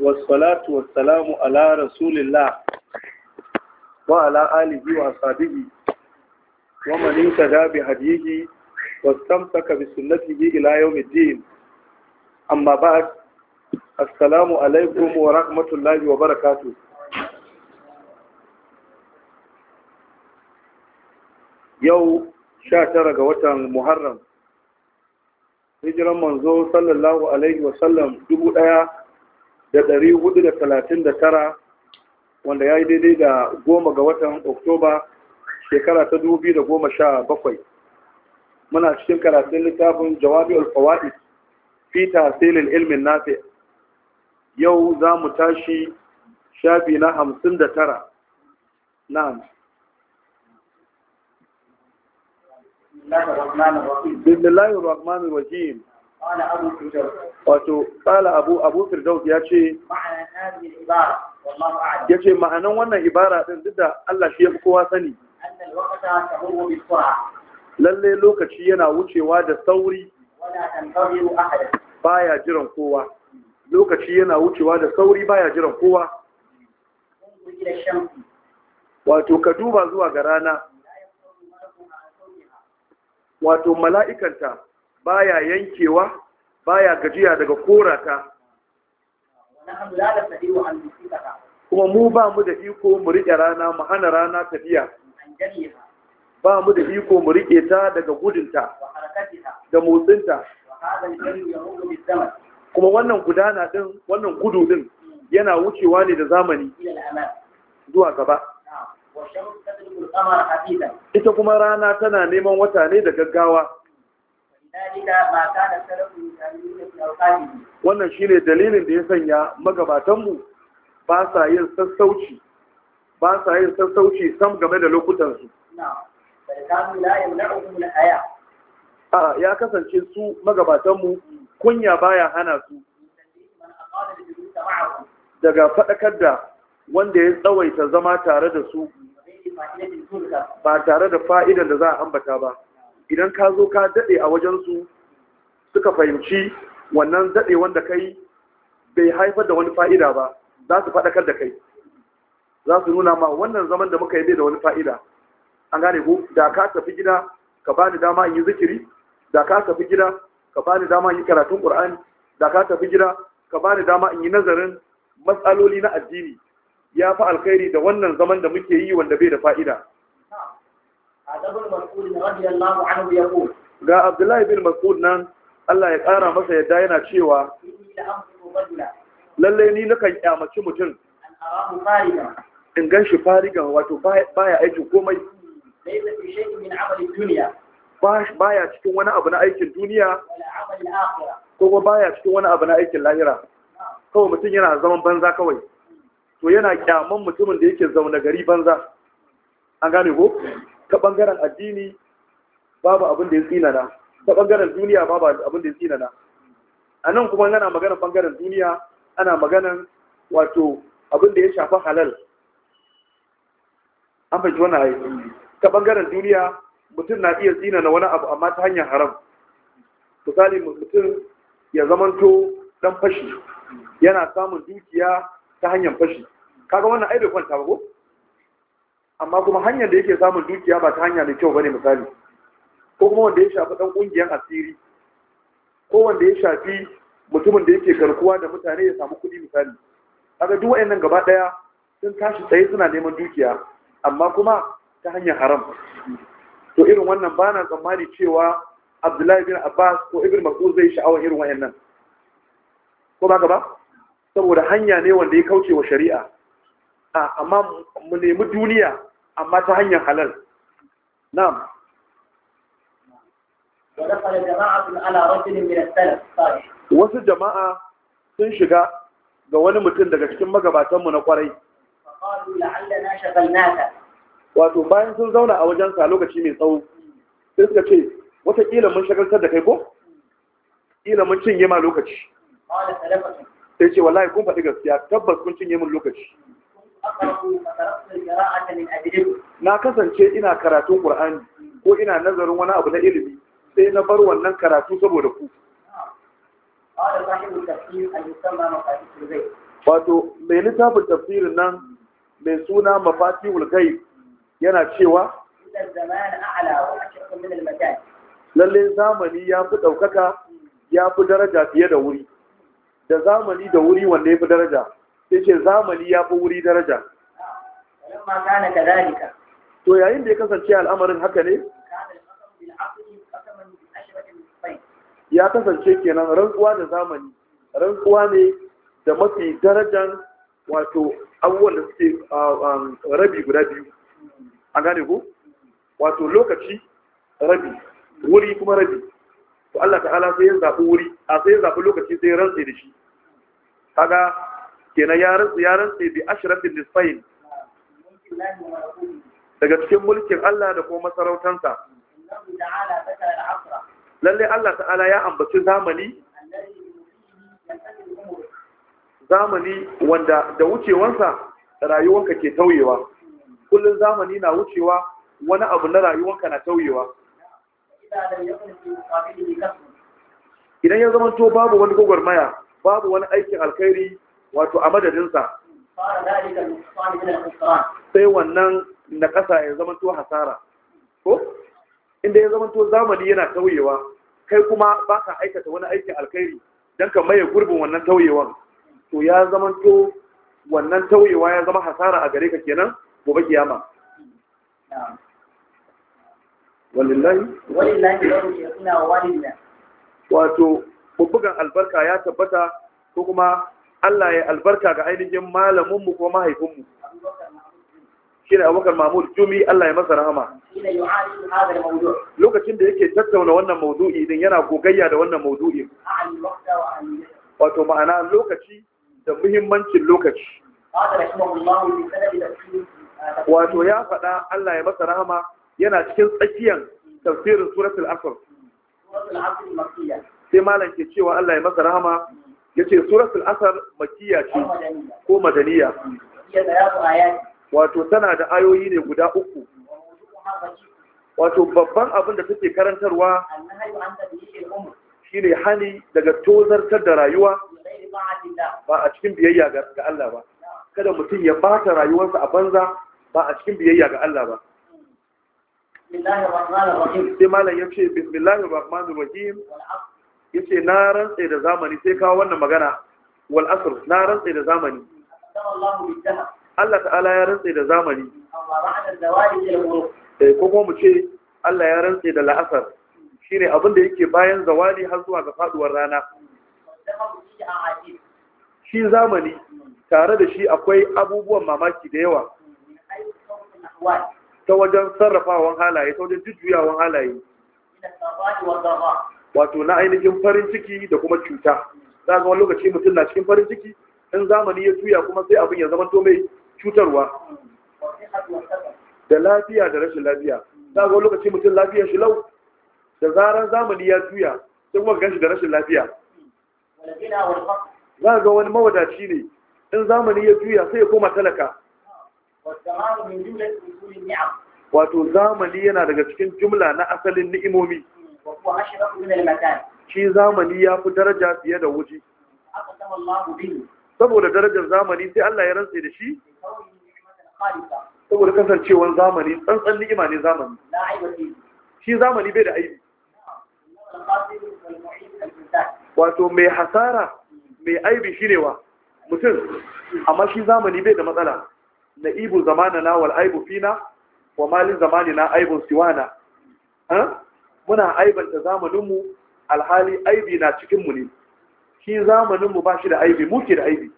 wasalatu wasalamu ala rasulillah wa ala alihi wa ashabihi wa man yata bi hadihi wastamsaka bi sunnatihi ila yawmiddin amma ba'd assalamu alaikum wa rahmatullahi wa barakatuh yau sha tara ga watan muharram hijiran manzo sallallahu alaihi wasallam dubu ɗaya da ɗari hudu da talatin da tara wanda ya yi daidai da goma ga watan oktoba shekara ta dubi da goma sha bakwai muna cikin karatun littafin jawabi alfawa'id fi tasirin ilmin nafi yau za mu tashi shafi na hamsin da tara na'am بسم الله الرحمن الرحيم wato kala abu abu firdaus ya ce ya ce ma'anan wannan ibara ɗin duk da Allah shi ya fi kowa sani lalle lokaci yana wucewa da sauri baya jiran kowa lokaci yana wucewa da sauri baya jiran kowa wato ka duba zuwa ga rana wato mala'ikanta baya yankewa baya gajiya daga korata kuma mu ba mu da iko mu riƙe rana mu hana rana tafiya ba mu da iko mu riƙe ta daga gudunta da motsinta kuma wannan gudana din wannan gudu din yana wucewa ne da zamani zuwa gaba ita kuma rana tana neman wata ne da gaggawa wannan shine dalilin da ya sanya magabatanmu ba sa yin sassauci ba sa yin sassauci sam game da lokutansu ya kasance su magabatanmu kunya baya hana su daga faɗakar da wanda ya tsawaita zama tare da su ba tare da fa'idan da za a ambata ba idan ka zo ka daɗe a wajensu suka fahimci wannan daɗe wanda kai bai haifar da wani fa'ida ba za su faɗakar da kai za su nuna ma wannan zaman da muka yi da wani fa'ida an gane ku da ka tafi gida ka ba ni dama in yi zikiri da ka tafi gida ka ba ni dama in yi karatun ƙur'ani da ka tafi gida ka ba ni dama in yi nazarin matsaloli na addini ya fi alkhairi da wannan zaman da muke yi wanda bai da fa'ida ga abdullahi bin mas'ud nan Allah ya ƙara masa yadda yana cewa lalle ni nakan kyamaci mutum in gan shi farigan wato baya aikin komai baya cikin wani abu na aikin duniya ko kuma baya cikin wani abu na aikin lahira kawai mutum yana zaman banza kawai to yana kyaman mutumin da yake zaune gari banza an gane ko ta bangaren addini babu abin da ya tsinana ta bangaren duniya babu abin da ya tsinana a nan kuma ana magana bangaren duniya ana maganan wato abin da ya shafi halal an fahimci wannan ayi ta bangaren duniya mutum na iya tsinana wani abu amma ta hanyar haram misali mutum ya zamanto dan fashi yana samun dukiya ta hanyar fashi kaga wannan ai bai kwanta ba ko amma kuma hanyar da yake samun dukiya ba ta hanya da kyau bane misali ko kuma wanda ya shafi dan kungiyar asiri ko wanda ya shafi mutumin da yake garkuwa da mutane ya samu kuɗi misali kaga duk wayannan gaba daya sun tashi tsaye suna neman dukiya amma kuma ta hanyar haram to irin wannan ba na tsammani cewa Abdullahi bin Abbas ko Ibn Mas'ud zai sha'awar irin wayannan ko ba gaba saboda hanya ne wanda ya kauce wa shari'a amma mu nemi duniya amma ta hanyar halal na'am wasu jama'a sun shiga ga wani mutum daga cikin magabatanmu na kwarai wato bayan sun zauna a wajensa lokaci mai tsawo sai suka ce watakila mun shagaltar da kai ko? ƙila mun cinye ma lokaci sai ce wallahi kun faɗi gaskiya tabbas kun cinye min lokaci na kasance ina karatun ƙur'ani ko ina nazarin wani abu na ilimi sai na bar wannan karatu saboda ku wato mai littafin tafsirin nan mai suna mafati wulgai yana cewa lalle zamani ya fi ɗaukaka ya fi daraja fiye da wuri da zamani da wuri wanda ya fi daraja sai ce zamani ya fi wuri daraja to yayin da ya kasance al'amarin haka ne ya kasance kenan rantsuwa da zamani rantsuwa ne da mafi darajan wato abubuwan da suke rabi guda biyu a gane ko wato lokaci rabi wuri kuma rabi to Allah ta'ala sai ya zafi wuri a sai ya zafi lokaci sai ya rantse da shi kaga kenan ya rantsu ya rantsu bi ashrafin nisfain daga cikin mulkin Allah da kuma masarautansa lalle Allah ta'ala ya ambaci zamani zamani wanda da wucewansa rayuwanka ke tauyewa kullum zamani na wucewa wani abu na rayuwanka na tauyewa idan ya zama to babu wani gwagwarmaya babu wani aikin alkhairi wato a madadinsa sai wannan na ƙasa ya zamanto hasara ko inda ya zamanto zamani yana tauyewa kai kuma ba ka aikata wani aikin alkhairi don ka maye gurbin wannan tauyewan to ya zamanto wannan tauyewa ya zama hasara a gare ka kenan gobe kiyama walillahi walillahi wato bubbugan albarka ya tabbata ko kuma Allah ya albarka ga ainihin malaminmu ko mahaifinmu shi ne abokan mahmud jumi Allah ya masa rahama lokacin da yake tattauna wannan maudu'i din yana gogayya da wannan maudu'i wato ma'ana lokaci da muhimmancin lokaci uh, wato ya faɗa Allah ya masa rahama yana cikin tsakiyar tafsirin suratul asr sai malam ke cewa Allah ya masa rahama yace suratul asar Makiya ce ko madaniya wato tana da ayoyi ne guda uku wato babban abin da take karantarwa shine hani daga tozartar da rayuwa ba a cikin biyayya ga Allah ba kada mutum ya bata rayuwarsa a banza ba a cikin biyayya ga Allah ba sai malam ya ce bismillahir rahmanir rahim yace na rantse da zamani sai kawo wannan magana wal asr na rantse da zamani Allah ta'ala ya rantse da zamani eh, ko kuma mu ce Allah ya rantse da la'asar shine abin da yake bayan zawali har zuwa ga faduwar rana shi zamani tare da shi akwai abubuwan mamaki da yawa ta wajen sarrafawan halaye ta wajen jujjuyawan halaye wato na ainihin farin ciki da kuma cuta za ga wani lokaci mutum na cikin farin ciki in zamani ya juya kuma sai abin ya zama to mai cutarwa da lafiya da rashin lafiya za ga wani lokaci mutum lafiyar shi lau da zarar zamani ya juya sai kuma ganshi da rashin lafiya za ga wani mawadaci ne in zamani ya juya sai ya koma talaka wato zamani yana daga cikin jumla na asalin ni'imomi shi zamani ya fi daraja fiye da wuce saboda darajar zamani sai Allah ya rantse da shi saboda kasancewar zamani tsantsan ni'ima ne zamani shi zamani bai da aibi wato mai hasara mai aibi shine wa mutum amma shi zamani bai da matsala na ibu zamanana wal aibu fina wa malin zamanina aibun siwana muna aibanta zamaninmu alhali aibi na cikinmu ne shi zamaninmu ba shi da aibi muke da aibi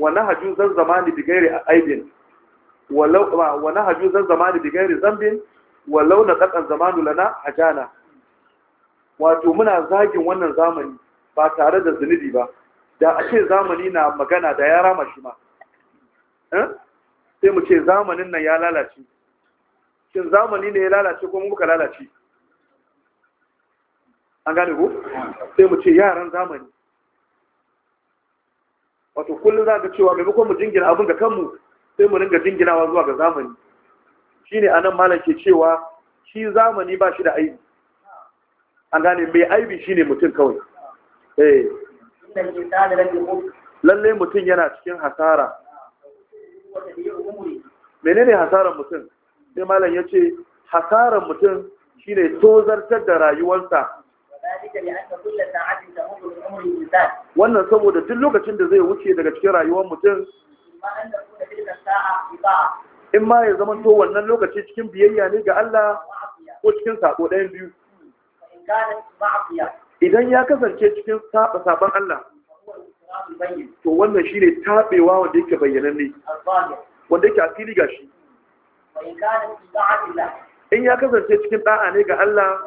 wani haju zan zamani da gairi aibin wani haju zan zamani da gairi zambin walau na tsakan zamanu lana jana? wato muna zagin wannan zamani ba tare da zunubi ba da a ce zamani na magana da ya rama shi ma sai mu ce zamanin nan ya lalace shin zamani ne ya lalace ko muka lalace an gane ku? sai mu ce yaran zamani wato kullum za ka cewa maimakon mu jingina abin ga kanmu sai mu ringa jinginawa zuwa ga zamani shine anan malam ke cewa shi zamani ba shi da aibi an gane mai aibi shine mutum kawai eh mutum yana cikin hasara menene hasaran mutum sai malam ya ce hasarar mutum shi ne tozartar da rayuwarsa wannan saboda duk lokacin da zai wuce daga cikin rayuwar mutum in ma ya zama to wannan lokaci cikin biyayya ne ga Allah ko cikin sako ɗayan biyu idan ya kasance cikin saban Allah to wannan shi ne taɓewa wanda yake ne wanda yake asiri gashi in ya kasance cikin ɗa'a ne ga Allah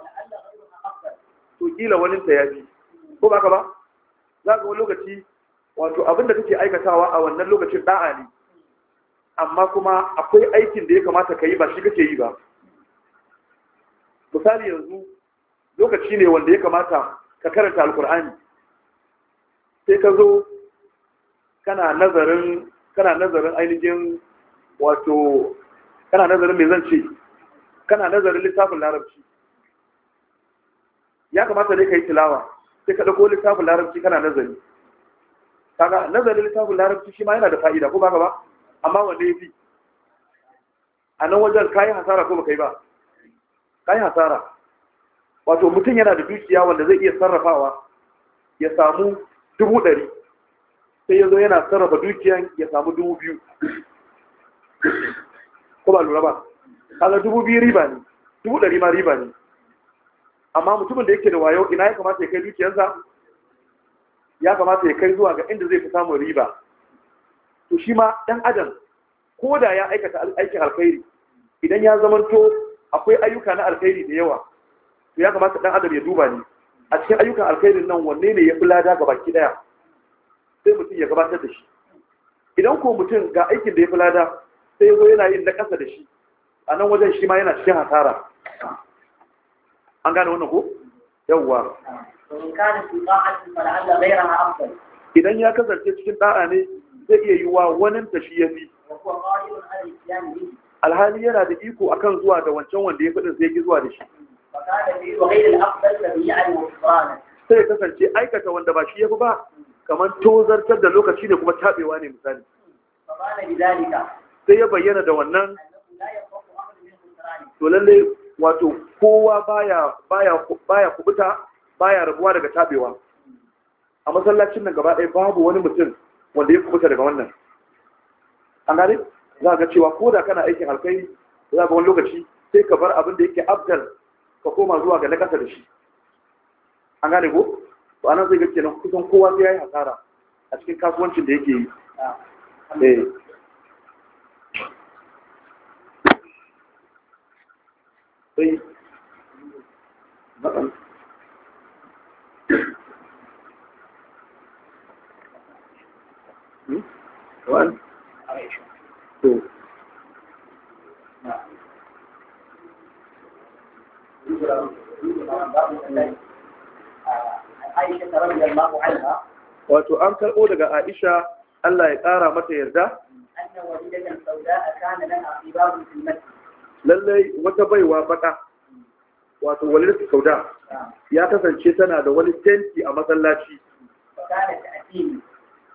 to kila wani ta yafi ko ba ka ba za ka wani lokaci wato abin kake aikatawa a wannan lokacin ɗa'a ne amma kuma akwai aikin da ya kamata ka yi ba shi kake yi ba misali yanzu lokaci ne wanda ya kamata ka karanta alkur'ani sai ka zo kana nazarin kana nazarin ainihin wato kana nazarin mai zan ce kana nazarin littafin larabci ya kamata ne ka yi tilawa sai ka ɗauko littafin larabci kana nazari kaga nazarin littafin larabci shi ma yana da fa'ida ko baka ba amma wanda ya fi a nan wajen kayan hasara ko baka yi ba yi hasara wato mutum yana da dukiya wanda zai iya sarrafawa ya samu dubu ɗari sai ya zo yana sarrafa dukiyan ya samu dubu biyu ko ba lura ba kaga dubu biyu riba ne dubu ɗari ma riba ne amma mutumin da yake da wayo ina ya kamata ya kai dukiyarsa ya kamata ya kai zuwa ga inda zai fi samun riba to shi ma ɗan adam ko da ya aikata aikin alkhairi idan ya zamanto akwai ayyuka na alkhairi da yawa to ya kamata ɗan adam ya duba ne a cikin ayyukan alkhairin nan wanne ne ya fi lada ga baki ɗaya sai mutum ya gabatar da shi idan ko mutum ga aikin da ya fi lada sai yazo yana yin na ƙasa da shi a nan wajen shi ma yana cikin hasara an gane wannan ko yawwa idan ya kasance cikin da'a ne zai iya yiwa wani ta shi fi alhali yana da iko akan zuwa da wancan wanda ya fadin sai ya zuwa da shi sai kasance aikata wanda ba shi ya fi ba kamar tozartar da lokaci ne kuma tabewa ne misali sai ya bayyana da wannan to lalle wato kowa baya baya baya kubuta baya rabuwa daga tabewa a masallacin nan gaba ɗaya babu wani mutum wanda ya kubuta daga wannan an gane za ga cewa ko da kana aikin alkai za ga wani lokaci sai ka bar abin da yake abdal ka koma zuwa ga nakasa da shi an gane ko to anan zai ga kenan kusan kowa sai yi hasara a cikin kasuwancin da yake yi sosai matsala hmm? wato an karɓo daga aisha Allah ya ƙara mata yarda annan wajen sauda a kana nan a babu filmati lallai wata baiwa baka wato walid sauda ya kasance tana da wani tenti a masallaci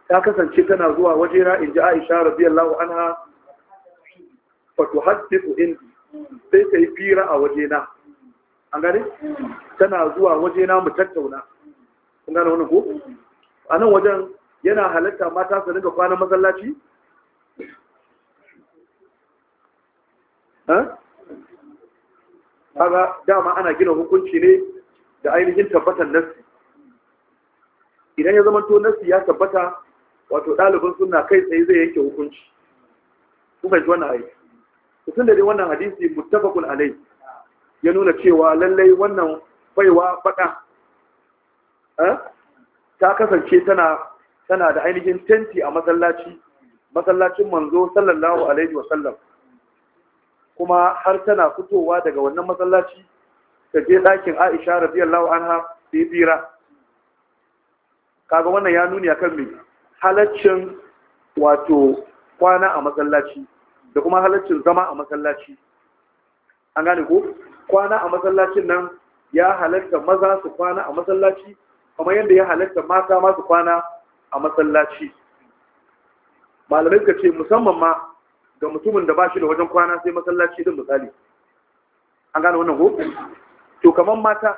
ta kasance tana zuwa wajena in ji aisha radiyallahu anha fatu haddisu indi sai ta yi fira a wajena an gane tana zuwa wajena mu tattauna kun gane wani ko a nan wajen yana halatta mata su dinga kwanan masallaci kaga dama ana gina hukunci ne da ainihin tabbatar nassi idan ya zama to nassi ya tabbata wato ɗalibin suna kai tsaye zai yanke hukunci kuma ji wannan aiki tun da dai wannan hadisi muttafaqun alai ya nuna cewa lallai wannan baiwa faɗa eh, ta kasance tana tana da ainihin tenti a masallaci masallacin manzo sallallahu alaihi wa sallam kuma har tana fitowa daga wannan masallaci ta je ɗakin aisha radiyallahu anha ta yi tsira kaga wannan ya nuni akan mai halaccin wato kwana a masallaci da kuma halaccin zama a masallaci an gane ko kwana a masallacin nan ya halatta maza su kwana a masallaci kamar yadda ya halatta mata masu kwana a masallaci malamai ka ce musamman ma ga mutumin da ba shi da wajen kwana sai masallaci din misali an gane wannan ko to kaman mata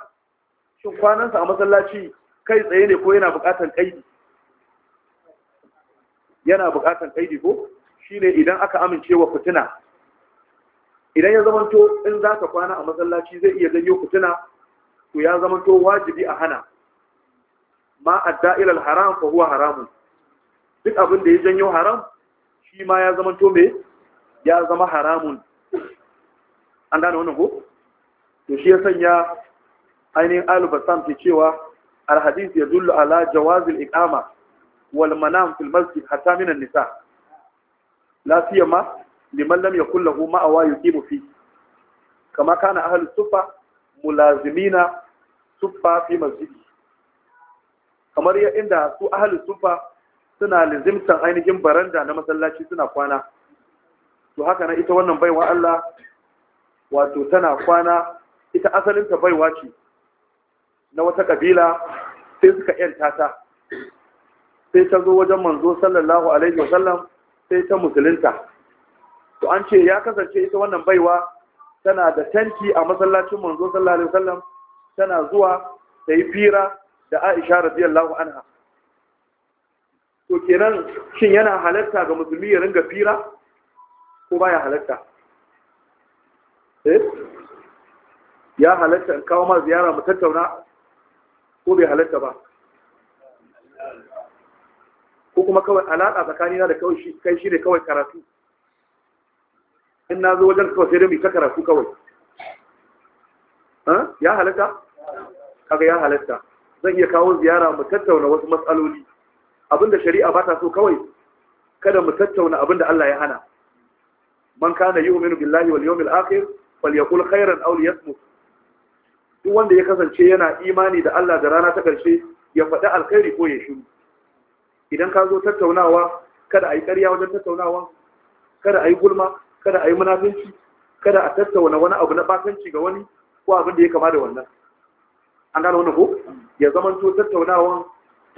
shin kwanansa a masallaci kai tsaye ne ko yana buƙatar kaidi yana buƙatar kaidi ko shine idan aka amince wa fitina idan ya zamanto in za ka kwana a masallaci zai iya janyo fitina to ya zamanto wajibi a hana ma adda ilal haram fa huwa haramun duk abin da ya janyo haram shi ma ya zama to ya zama haramun an gane wannan ko to shi ya sanya ainihin al ke cewa al ya zulu ala jawazil ikama wal manam fil masjid hatta minan nisa la siyama liman lam yakul lahu ma'awa yuqimu fi kama kana ahli sufa mulazimina sufa fi masjid kamar ya inda su ahli sufa suna lizimtan ainihin baranda na masallaci suna kwana to haka nan ita wannan baiwa Allah wato tana kwana ita asalinta baiwa ce na wata kabila sai suka yanta ta sai ta zo wajen manzo sallallahu alaihi wasallam sai ta musulunta to an ce ya kasance ita wannan baiwa tana da tanki a masallacin manzo sallallahu alaihi wasallam tana zuwa ta yi fira da Aisha radiyallahu anha to kenan shin yana halatta ga musulmi ya ringa fira ko baya halatta eh ya halatta in kawo ma ziyara mu tattauna ko bai halatta ba ko kuma kawai alaƙa tsakanina da kawai shi kai shi ne kawai karatu in na zo wajen kawai sai dai mai ta karatu kawai eh? ya halatta? kaga ya halatta zan iya kawo ziyara mu tattauna wasu matsaloli Abin da shari'a ba ta so kawai kada mu tattauna abin da Allah ya hana man kana yu'minu billahi wal yawmil akhir yaqul khairan aw liyasmut duk wanda ya kasance yana imani da Allah da rana ta karshe ya faɗi alkhairi ko ya shiru idan ka zo tattaunawa kada a yi ƙarya wajen tattaunawa kada a gulma kada a yi munafinci kada a tattauna wani abu na batanci ga wani ko abin da ya kama da wannan an gano wani ko ya zama to tattaunawa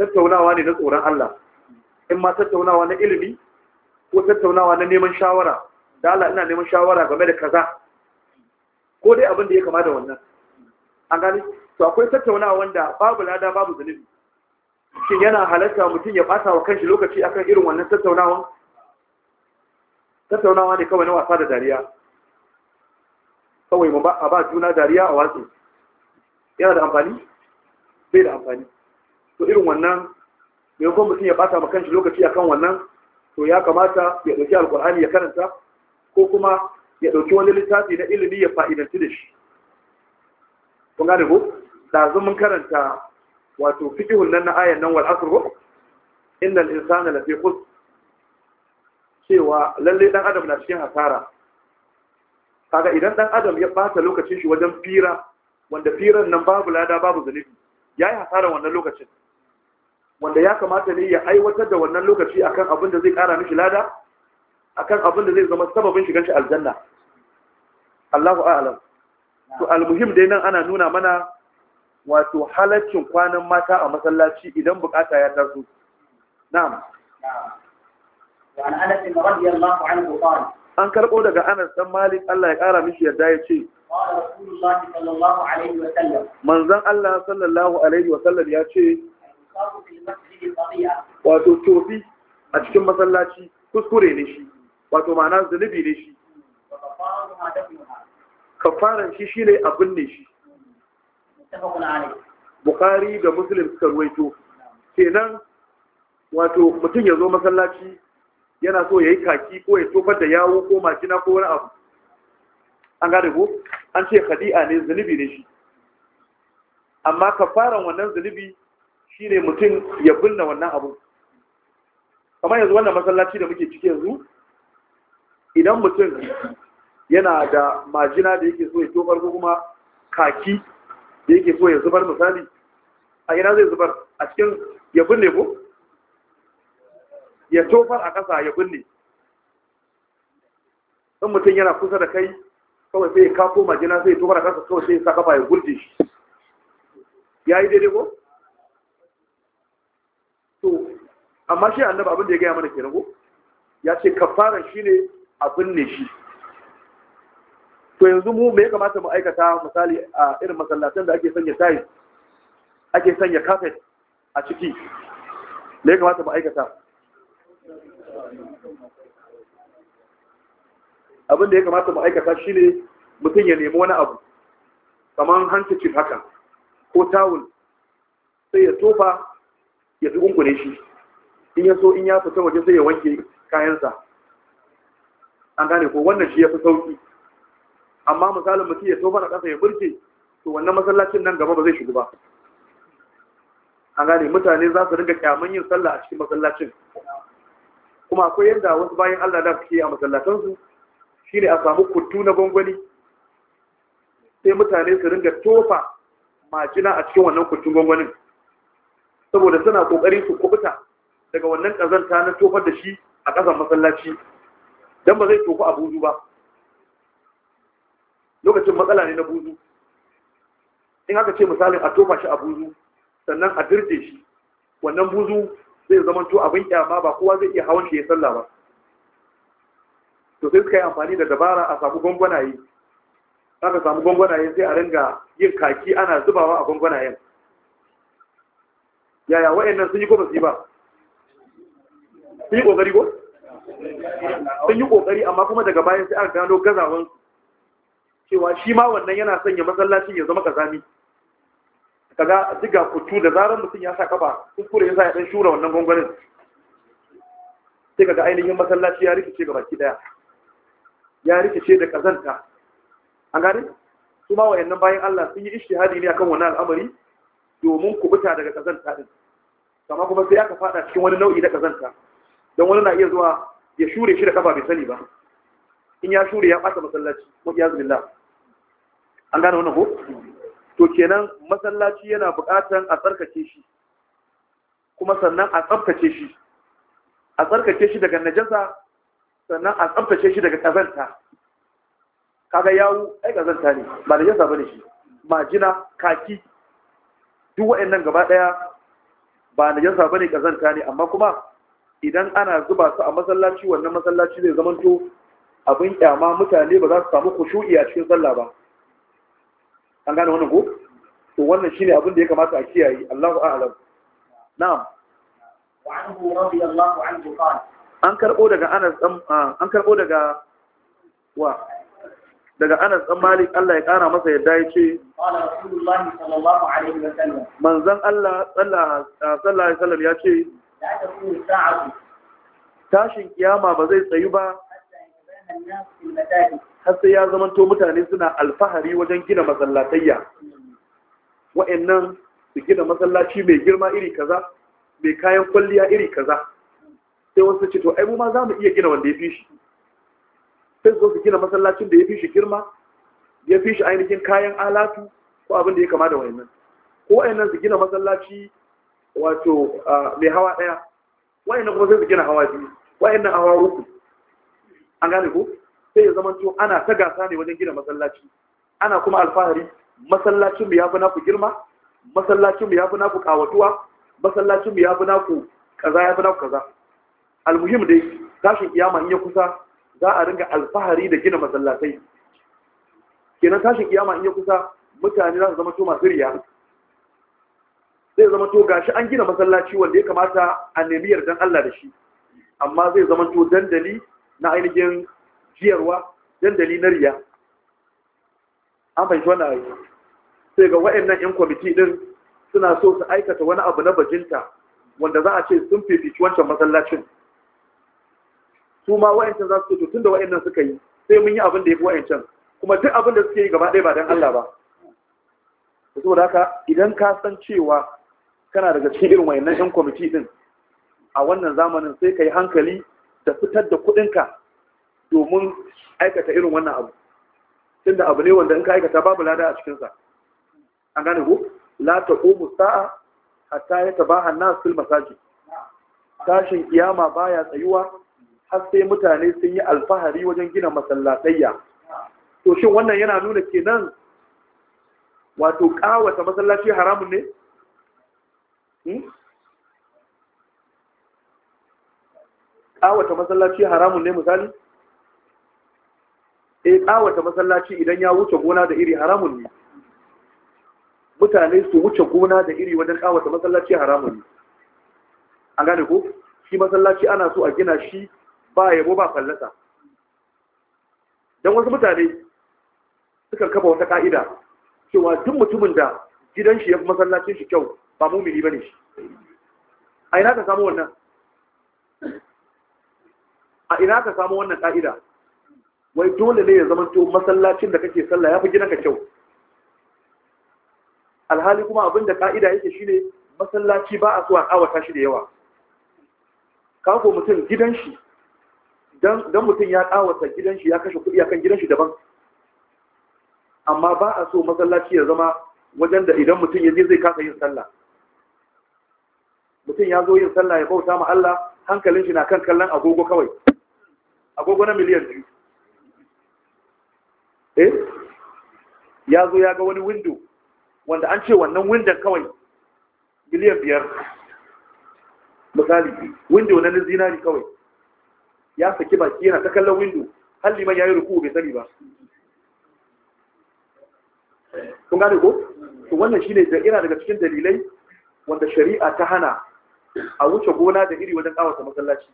tattaunawa ne na tsoron Allah in ma tattaunawa na ilimi ko tattaunawa na neman shawara da Allah ina neman shawara game da kaza ko dai abin da ya kama da wannan an gani to akwai tattaunawa wanda babu lada babu zunubi shin yana halatta mutum ya bata wa kanshi lokaci akan irin wannan tattaunawa tattaunawa ne kawai na wasa da dariya kawai mu ba a ba juna dariya a watsi yana da amfani bai da amfani to irin wannan maimakon mutum ya bata ma kanshi lokaci akan wannan to ya kamata ya ɗauki alkur'ani ya karanta ko kuma ya ɗauki wani littafi na ilimi ya fa'idanci da shi kun gane ko da mun karanta wato fikihun nan na ayan nan wal asr ko innal insana lafi khusr cewa lalle dan adam na cikin hasara kaga idan dan adam ya bata lokacin shi wajen fira wanda firan nan babu lada babu zunubi ya yi hasara wannan lokacin wanda ya kamata ne ya aiwatar da wannan lokaci akan abin da zai kara mishi lada akan abin da zai zama sababin shigar shi aljanna Allahu a'lam to almuhim dai nan ana nuna mana wato halaccin kwanan mata a masallaci idan bukata ya taso na'am an karɓo daga anas dan malik Allah ya ƙara mishi yadda ya ce manzon Allah sallallahu alaihi wa sallam ya ce wato tofi a cikin masallaci kuskure ne shi wato ma'ana zunubi ne shi kafaran shi ne abin ne shi bukari da musulun suka ruwaito kenan wato mutum ya zo masallaci yana so ya yi kaki ko ya tofar da yawo ko majina ko wani abu an gane ko an ce hadi'a ne zunubi ne shi amma kafaran wannan zunubi ne mutum ya binne wannan abu kamar yanzu wannan masallaci da muke ciki yanzu idan mutum yana da majina da yake so ya tofar ko kuma kaki da yake so ya zubar misali a ina zai zubar a cikin ya binne ko ya tofar a ƙasa ya binne in mutum yana kusa da kai kawai sai ya kafo majina sai ya tofar a ƙasa kawai sai ya sa kafa ya gulje shi ya yi daidai ko amma shi annabi abin da ya gaya mana kenan ko ya ce shi ne abin ne shi to yanzu mu me ya kamata mu aikata misali a irin masallatan da ake sanya tayi ake sanya carpet a ciki me ya kamata mu aikata abin da ya kamata mu aikata shi ne mutum ya nemi wani abu kamar hankicin haka ko tawul sai ya tofa ya dukunkune shi in ya so in ya fita waje sai ya wanke kayansa an gane ko wannan shi ya fi sauki amma misalin mutum ya so na ƙasa ya burke to wannan masallacin nan gaba ba zai shigo ba an gane mutane za su ringa kyaman yin sallah a cikin masallacin kuma akwai yadda wasu bayan Allah da suke a masallatansu shine a samu kuttu na gwangwani sai mutane su ringa tofa majina a cikin wannan kuttun gwangwanin saboda suna kokari su kubuta daga wannan ƙazanta na tofar da shi a kasan masallaci don ba zai tofu a buzu ba lokacin matsala ne na buzu in aka ce misalin a tofa shi a buzu sannan a dirje shi wannan buzu zai zama to abin kyama ba kowa zai iya hawan shi ya sallah ba to sai suka yi amfani da dabara a samu gwangwanaye aka samu gwangwanaye sai a ringa yin kaki ana zubawa a gwangwanayen yaya wa'annan sun yi gwamnati ba sun yi kokari ko sun yi kokari amma kuma daga bayan sai aka gano gazawan cewa shi ma wannan yana sanya masallacin ya zama kazami kaga diga kutu da zarar mutum ya sa kafa kuskure ya sa ya dan shura wannan gwangwanin sai kaga ainihin masallaci ya rikice ga baki daya ya rikice da kazanta an gane su ma wayannan bayan Allah sun yi ishtihadi ne akan wannan al'amari domin kubuta daga kazanta din kama kuma sai aka fada cikin wani nau'i na kazanta don wani na iya zuwa ya shure shi da kafa bai sani ba in ya shure ya ɓata masallaci maƙiyaz billah an gane wannan ko to kenan masallaci yana buƙatar a tsarkake shi kuma sannan a tsabtace shi a tsarkake shi daga najasa sannan a tsabtace shi daga ƙazanta kaga yawo ai ƙazanta ne ba najasa bane shi majina kaki duk wa'annan gaba ɗaya ba najasa bane ƙazanta ne amma kuma idan ana zuba su a masallaci wannan masallaci zai zamanto abin kyama mutane ba za su samu kushu'i a cikin sallah ba an gane wannan ko to wannan shine abin da ya kamata a kiyaye Allahu a'lam na'am wa anhu radiyallahu anhu qala an karbo daga Anas dan an karbo daga wa daga Anas dan Malik Allah ya kara masa yadda ya ce qala rasulullahi sallallahu alaihi wa sallam. manzon Allah sallallahu alaihi wasallam ya ce tashin kiyama ba zai tsayu ba har sai ya zamanto mutane suna alfahari wajen gina masallatayya wa'annan su gina masallaci mai girma iri kaza mai kayan kwalliya iri kaza sai wasu ce to ai mu ma za mu iya gina wanda ya fi shi sai su gina masallacin da ya fi shi girma ya fi shi ainihin kayan alatu ko abin da ya kama da wa'annan ko wa'annan su gina masallaci wato mai hawa ɗaya wa'in nan kuma sai su gina hawa biyu wa'in nan hawa uku an gane ko sai ya zama ana ta gasa ne wajen gina masallaci ana kuma alfahari masallacin mu yafi naku girma masallacin mu yafi naku kawatuwa masallacin mu yafi naku kaza yafi naku kaza almuhim dai tashin kiyama in ya kusa za a ringa alfahari da gina masallatai kenan tashin kiyama in ya kusa mutane za su zama to masu riya zai zama to gashi an gina masallaci wanda ya kamata a nemi yardan Allah da shi amma zai zama to dandali na ainihin jiyarwa dandali na riya an fahimci wannan aiki sai ga wa'annan yan kwamiti din suna so su aikata wani abu na bajinta wanda za a ce sun fifici wancan masallacin su ma wa'ancan za su ce tun da wa'annan suka yi sai mun yi abin da ya fi wa'ancan kuma duk abin da suke yi gaba ɗaya ba don Allah ba saboda haka idan ka san cewa kana daga cikin irin wayannan yan kwamiti din a wannan zamanin sai ka yi hankali da fitar da kuɗinka domin aikata irin wannan abu da abu ne wanda in ka aikata babu lada a cikinsa an gane ko la taqumu sa'a yi ta an na fil masajid tashin kiyama baya tsayuwa har sai mutane sun yi alfahari wajen gina masallatayya to shin wannan yana nuna kenan wato kawata masallaci haramun ne Hmm? ƙawata masallaci haramun ne misali? e ƙawata masallaci idan ya wuce gona da iri haramun ne mutane su wuce gona da iri wajen ƙawata masallaci haramun ne an gane ko shi masallaci ana so a gina shi ba yabo ba fallasa don wasu mutane sukan kafa wata ƙa'ida cewa duk mutumin da gidan shi ya fi masallacin shi kyau ba mumini bane shi a ina ka samu wannan a ina ka samu wannan ka'ida wai dole ne ya zama to masallacin da kake sallah yafi ka kyau alhali kuma abin da ka'ida yake shine masallaci ba a so a kawata shi da yawa kako mutum gidan shi dan mutum ya kawata gidan ya kashe kuɗi akan gidan shi daban amma ba a so masallaci ya zama wajen da idan mutum ya je zai kasa yin sallah mutum ya zo yin sallah ya bauta ma Allah hankalin shi na kan kallon agogo kawai agogo na miliyan biyu eh ya zo ya ga wani window wanda an ce wannan window kawai miliyan biyar misali window na zinari kawai ya saki baki yana ta kallon window har liman ya yi ruku bai sani ba kun gane ko to wannan shine da daga cikin dalilai wanda shari'a ta hana a wuce gona da iri wajen kawata masallaci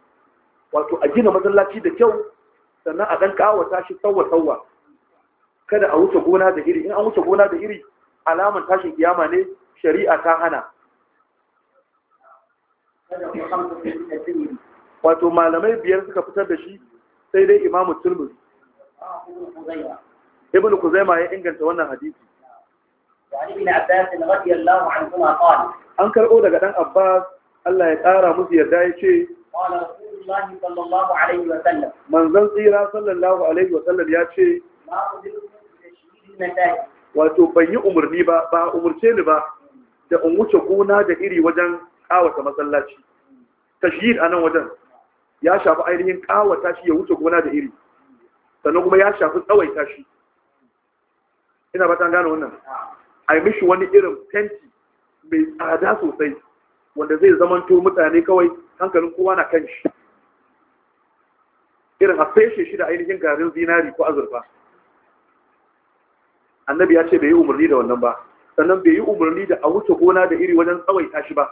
wato a gina masallaci da kyau sannan a dan kawata shi tsawa tsawa kada a wuce gona da iri in an wuce gona da iri alamun tashin kiyama ne shari'a ta hana wato malamai biyar suka fitar da shi sai dai imamu turmus ibn kuzaima ya inganta wannan hadisi an karɓo daga ɗan abbas Allah ya ƙara musu yarda ya ce manzan tsira sallallahu alaihi wasallam ya ce wato ban yi umarni ba ba umarce ni ba da in wuce gona da iri wajen ƙawata masallaci tashhid a nan wajen ya shafi ainihin ƙawata shi ya wuce gona da iri sannan kuma ya shafi tsawaita shi ina ba ta gane wannan a yi mishi wani irin fenti mai tsada sosai wanda zai zamanto mutane kawai hankalin kowa na kan shi irin a shi da ainihin garin zinari ko azurfa annabi ya ce bai yi umarni da wannan ba sannan bai yi umarni da a wuce gona da iri wajen ta shi ba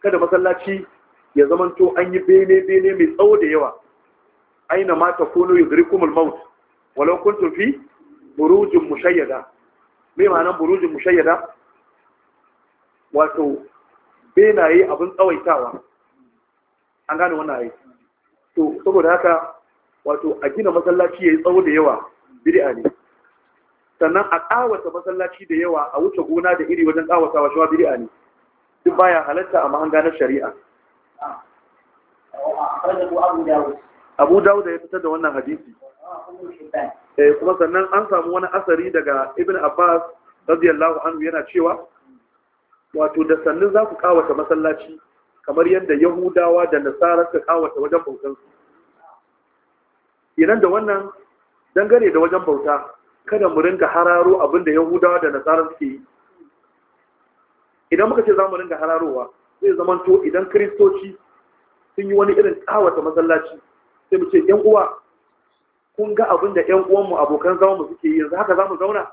kada masallaci ya zamanto an yi bene-bene mai tsawo da yawa aina mata kono ya zuri kumul maut walau kun tufi burujin mushayyada mai ma'anan burujin mushayyada wato benaye abin tsawaitawa an gane wannan ayi to saboda haka wato a gina masallaci yayi tsawo da yawa bid'a ne sannan a kawata masallaci da yawa a wuce gona da iri wajen ƙawatawa shi wa bid'a ne duk baya halatta amma an gane shari'a Abu Dawud ya fitar da wannan hadisi eh kuma sannan an samu wani asari daga Ibn Abbas radiyallahu anhu yana cewa wato da sannu za ku kawata masallaci kamar yadda yahudawa da Nasarar ka kawata wajen bautansu idan da wannan dangane da wajen bauta kada mu ringa hararo abin da yahudawa da Nasarar suke yi idan muka ce za mu ringa hararowa zai zamanto idan kiristoci sun yi wani irin kawata masallaci sai mu ce yan uwa kun ga abin da yan uwanmu abokan zama mu suke yi yanzu haka za mu zauna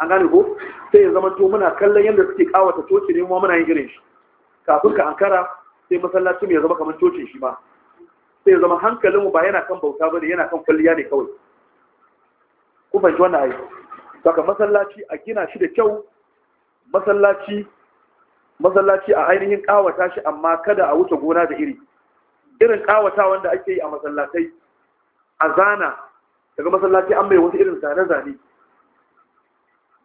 an gane ko sai ya zama to muna kallon yadda suke kawata coci ne muna yin irin shi kafin ka ankara sai masallaci ya zama kamar cocin shi ba sai ya zama hankalin mu ba yana kan bauta bane yana kan kwalliya ne kawai ku fahimci wannan ayi saka masallaci a gina shi da kyau masallaci masallaci a ainihin kawata shi amma kada a wuce gona da iri irin kawata wanda ake yi a masallatai a zana daga masallaci an bai wasu irin zane-zane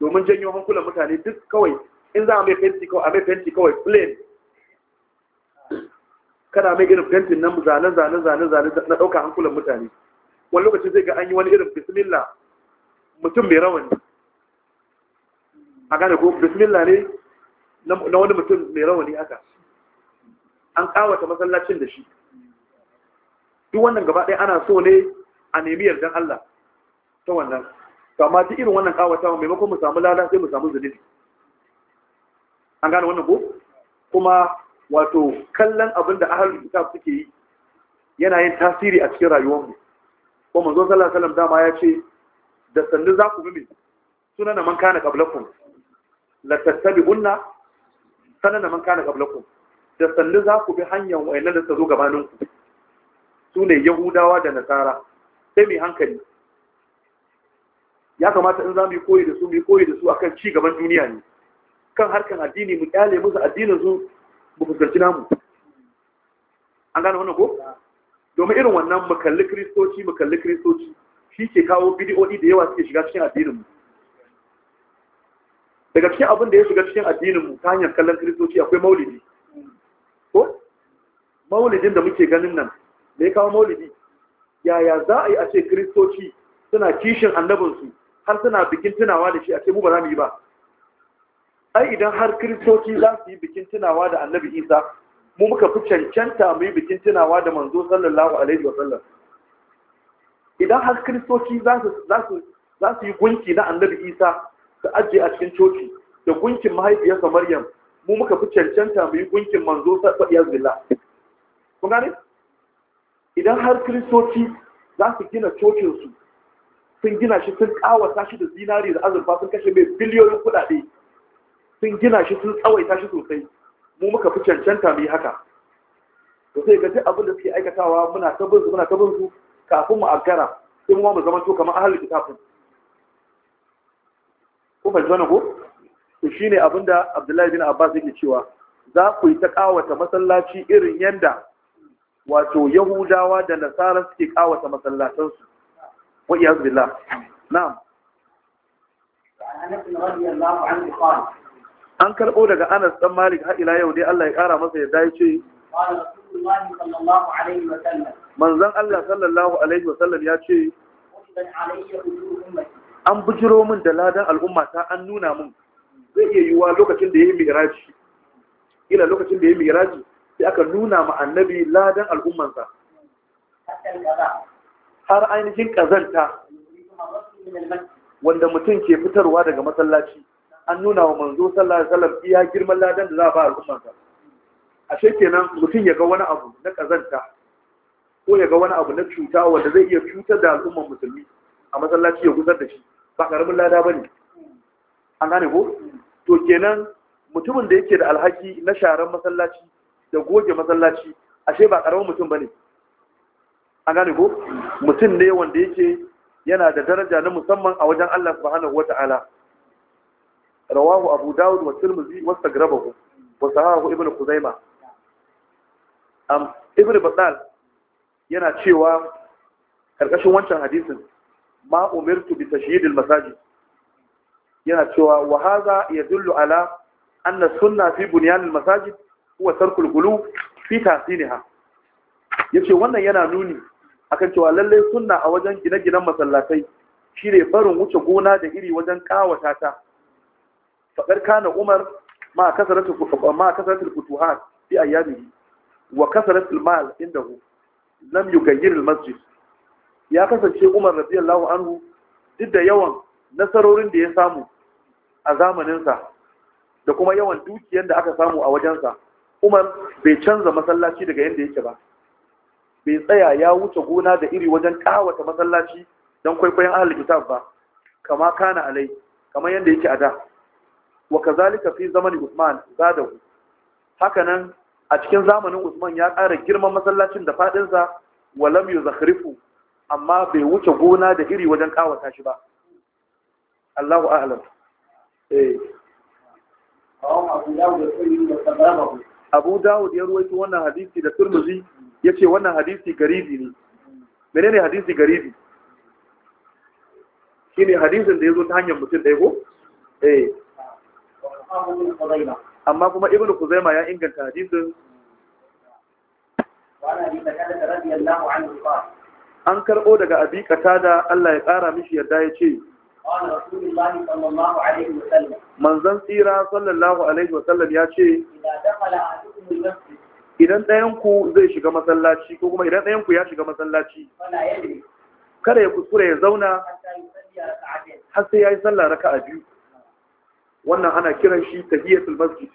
domin janyo hankulan mutane duk kawai in za a mai fenti kawai a mai fenti kawai plain kana mai irin fentin nan zane zane zane zane na ɗauka hankulan mutane wani lokaci zai ga an yi wani irin bismillah mutum mai rawani a gane ko bismillah ne na wani mutum mai rawani haka an ƙawata masallacin da shi duk wannan gaba ɗaya ana so ne a nemi yardan Allah ta wannan kama ji irin wannan kawatawa maimakon mu samu lada sai mu samu zunubi an gane wannan ko kuma wato kallon abin da ahalul kitab suke yi yana yin tasiri a cikin rayuwarmu ko manzo sallallahu alaihi dama ya ce da sandu za ku bi na man kana qablakum unna sana na man kana kablakun da sandu za ku bi hanyar wayannan da ta zo gabaninku? su ne yahudawa da nasara sai mai hankali ya kamata in za mu yi koyi da su mu yi koyi da su akan ci gaban duniya ne kan harkan addini mu kyale musu addinin su mu fuskanci namu an gane wannan ko domin irin wannan mu kalli kristoci mu kalli kristoci shi ke kawo bidiyoyi da yawa suke shiga cikin addinin mu daga cikin abin da ya shiga cikin addinin mu ta hanyar kallon kristoci akwai maulidi ko maulidin da muke ganin nan da ya kawo maulidi yaya za a yi a ce kristoci suna kishin annabinsu har suna bikin tunawa da shi a ce mu ba za mu yi ba ai idan har kristoci za su yi bikin tunawa da annabi isa mu muka fi cancanta mu yi bikin tunawa da manzo sallallahu alaihi wasallam idan har kristoci za su yi gunki na annabi isa su ajiye a cikin coci da gunkin mahaifiyarsa maryam mu muka fi cancanta mu yi gunkin manzo sallallahu alaihi kun ne? idan har kristoci za su gina cocinsu sun gina shi sun kawata shi da zinari da azurfa sun kashe mai biliyoyin kuɗaɗe sun gina shi sun tsawaita shi sosai mu muka fi cancanta mu yi haka to sai ga duk abin da suke aikatawa muna ta bin su muna ta bin su kafin mu agara? sai mu zama to kamar ahalin kitabin ko fahimci zana ko to shine abin da Abdullahi bin Abbas yake cewa za ku yi ta kawata masallaci irin yanda wato Yahudawa da Nasara suke kawata masallatansu wa iyaz na'am an karɓo daga Anas ɗan Malik har ila yau ne, Allah ya ƙara masa yadda ya ce manzon Allah sallallahu alaihi wasallam ya ce an bujiro min da ladan al'umma an nuna min zai iya yiwuwa lokacin da ya yi miraji ila lokacin da ya yi miraji sai aka nuna ma annabi ladan al'ummansa har ainihin ƙazanta wanda mutum ke fitarwa daga masallaci an nuna wa manzo sallallahu alaihi wasallam iya girman ladan da za a ba a ashe kenan mutum ya ga wani abu na ƙazanta ko ya ga wani abu na cuta wanda zai iya cutar da al'ummar musulmi a masallaci ya gusar da shi ba ƙaramin lada ba ne an gane ko to kenan mutumin da yake da alhaki na sharan masallaci da goge masallaci ashe ba ƙaramin mutum ba ne an gane ko mutum ne wanda yake yana da daraja na musamman a wajen Allah subhanahu wata'ala rawahu abu dawud wa tirmidhi wa sagrabahu wa sahahu ibnu kuzaima am ibnu batal yana cewa karkashin wancan hadisin ma umirtu bi tashyid al masajid yana cewa wa hadha yadullu ala anna sunna fi bunyan al masajid huwa tarku al Ya fi tahsinha yace wannan yana nuni akan cewa lallai sunna a wajen gine-ginen masallatai shine barin wuce gona da iri wajen kawata ta faɗar kana umar ma kasaratul futuhat fi ayyamihi wa kasaratul mal indahu lam yughayyir al masjid ya kasance umar radiyallahu anhu duk da yawan nasarorin da ya samu a zamaninsa da kuma yawan dukiyar da aka samu a wajensa umar bai canza masallaci daga yadda yake ba bai tsaya ya wuce gona da iri wajen kawata masallaci don kwaikwayon ahalin kitab ba kama kana alai kamar yadda yake a da wa kazalika fi zamani usman zadahu hakanan a cikin zamanin usman ya ƙara girman masallacin da faɗinsa wa lam yuzakhrifu amma bai wuce gona da iri wajen kawata shi ba Allahu eh. Abu Dawud ya ruwaito wannan hadisi da Tirmidhi ya ce wannan hadisi garibi ne mene ne hadisi garibi shi ne hadisin da ya zo ta hanyar mutum ɗaya ko? eh amma kuma ibn kuzaima ya inganta hadisin an karɓo daga abi da Allah ya ƙara mishi yadda ya ce manzan tsira sallallahu alaihi wasallam ya ce idan ɗayanku zai shiga masallaci ko kuma idan ɗayanku ya shiga masallaci kada ya kuskure ya zauna har sai ya yi sallah raka a biyu wannan ana kiran shi ta hiyar masjid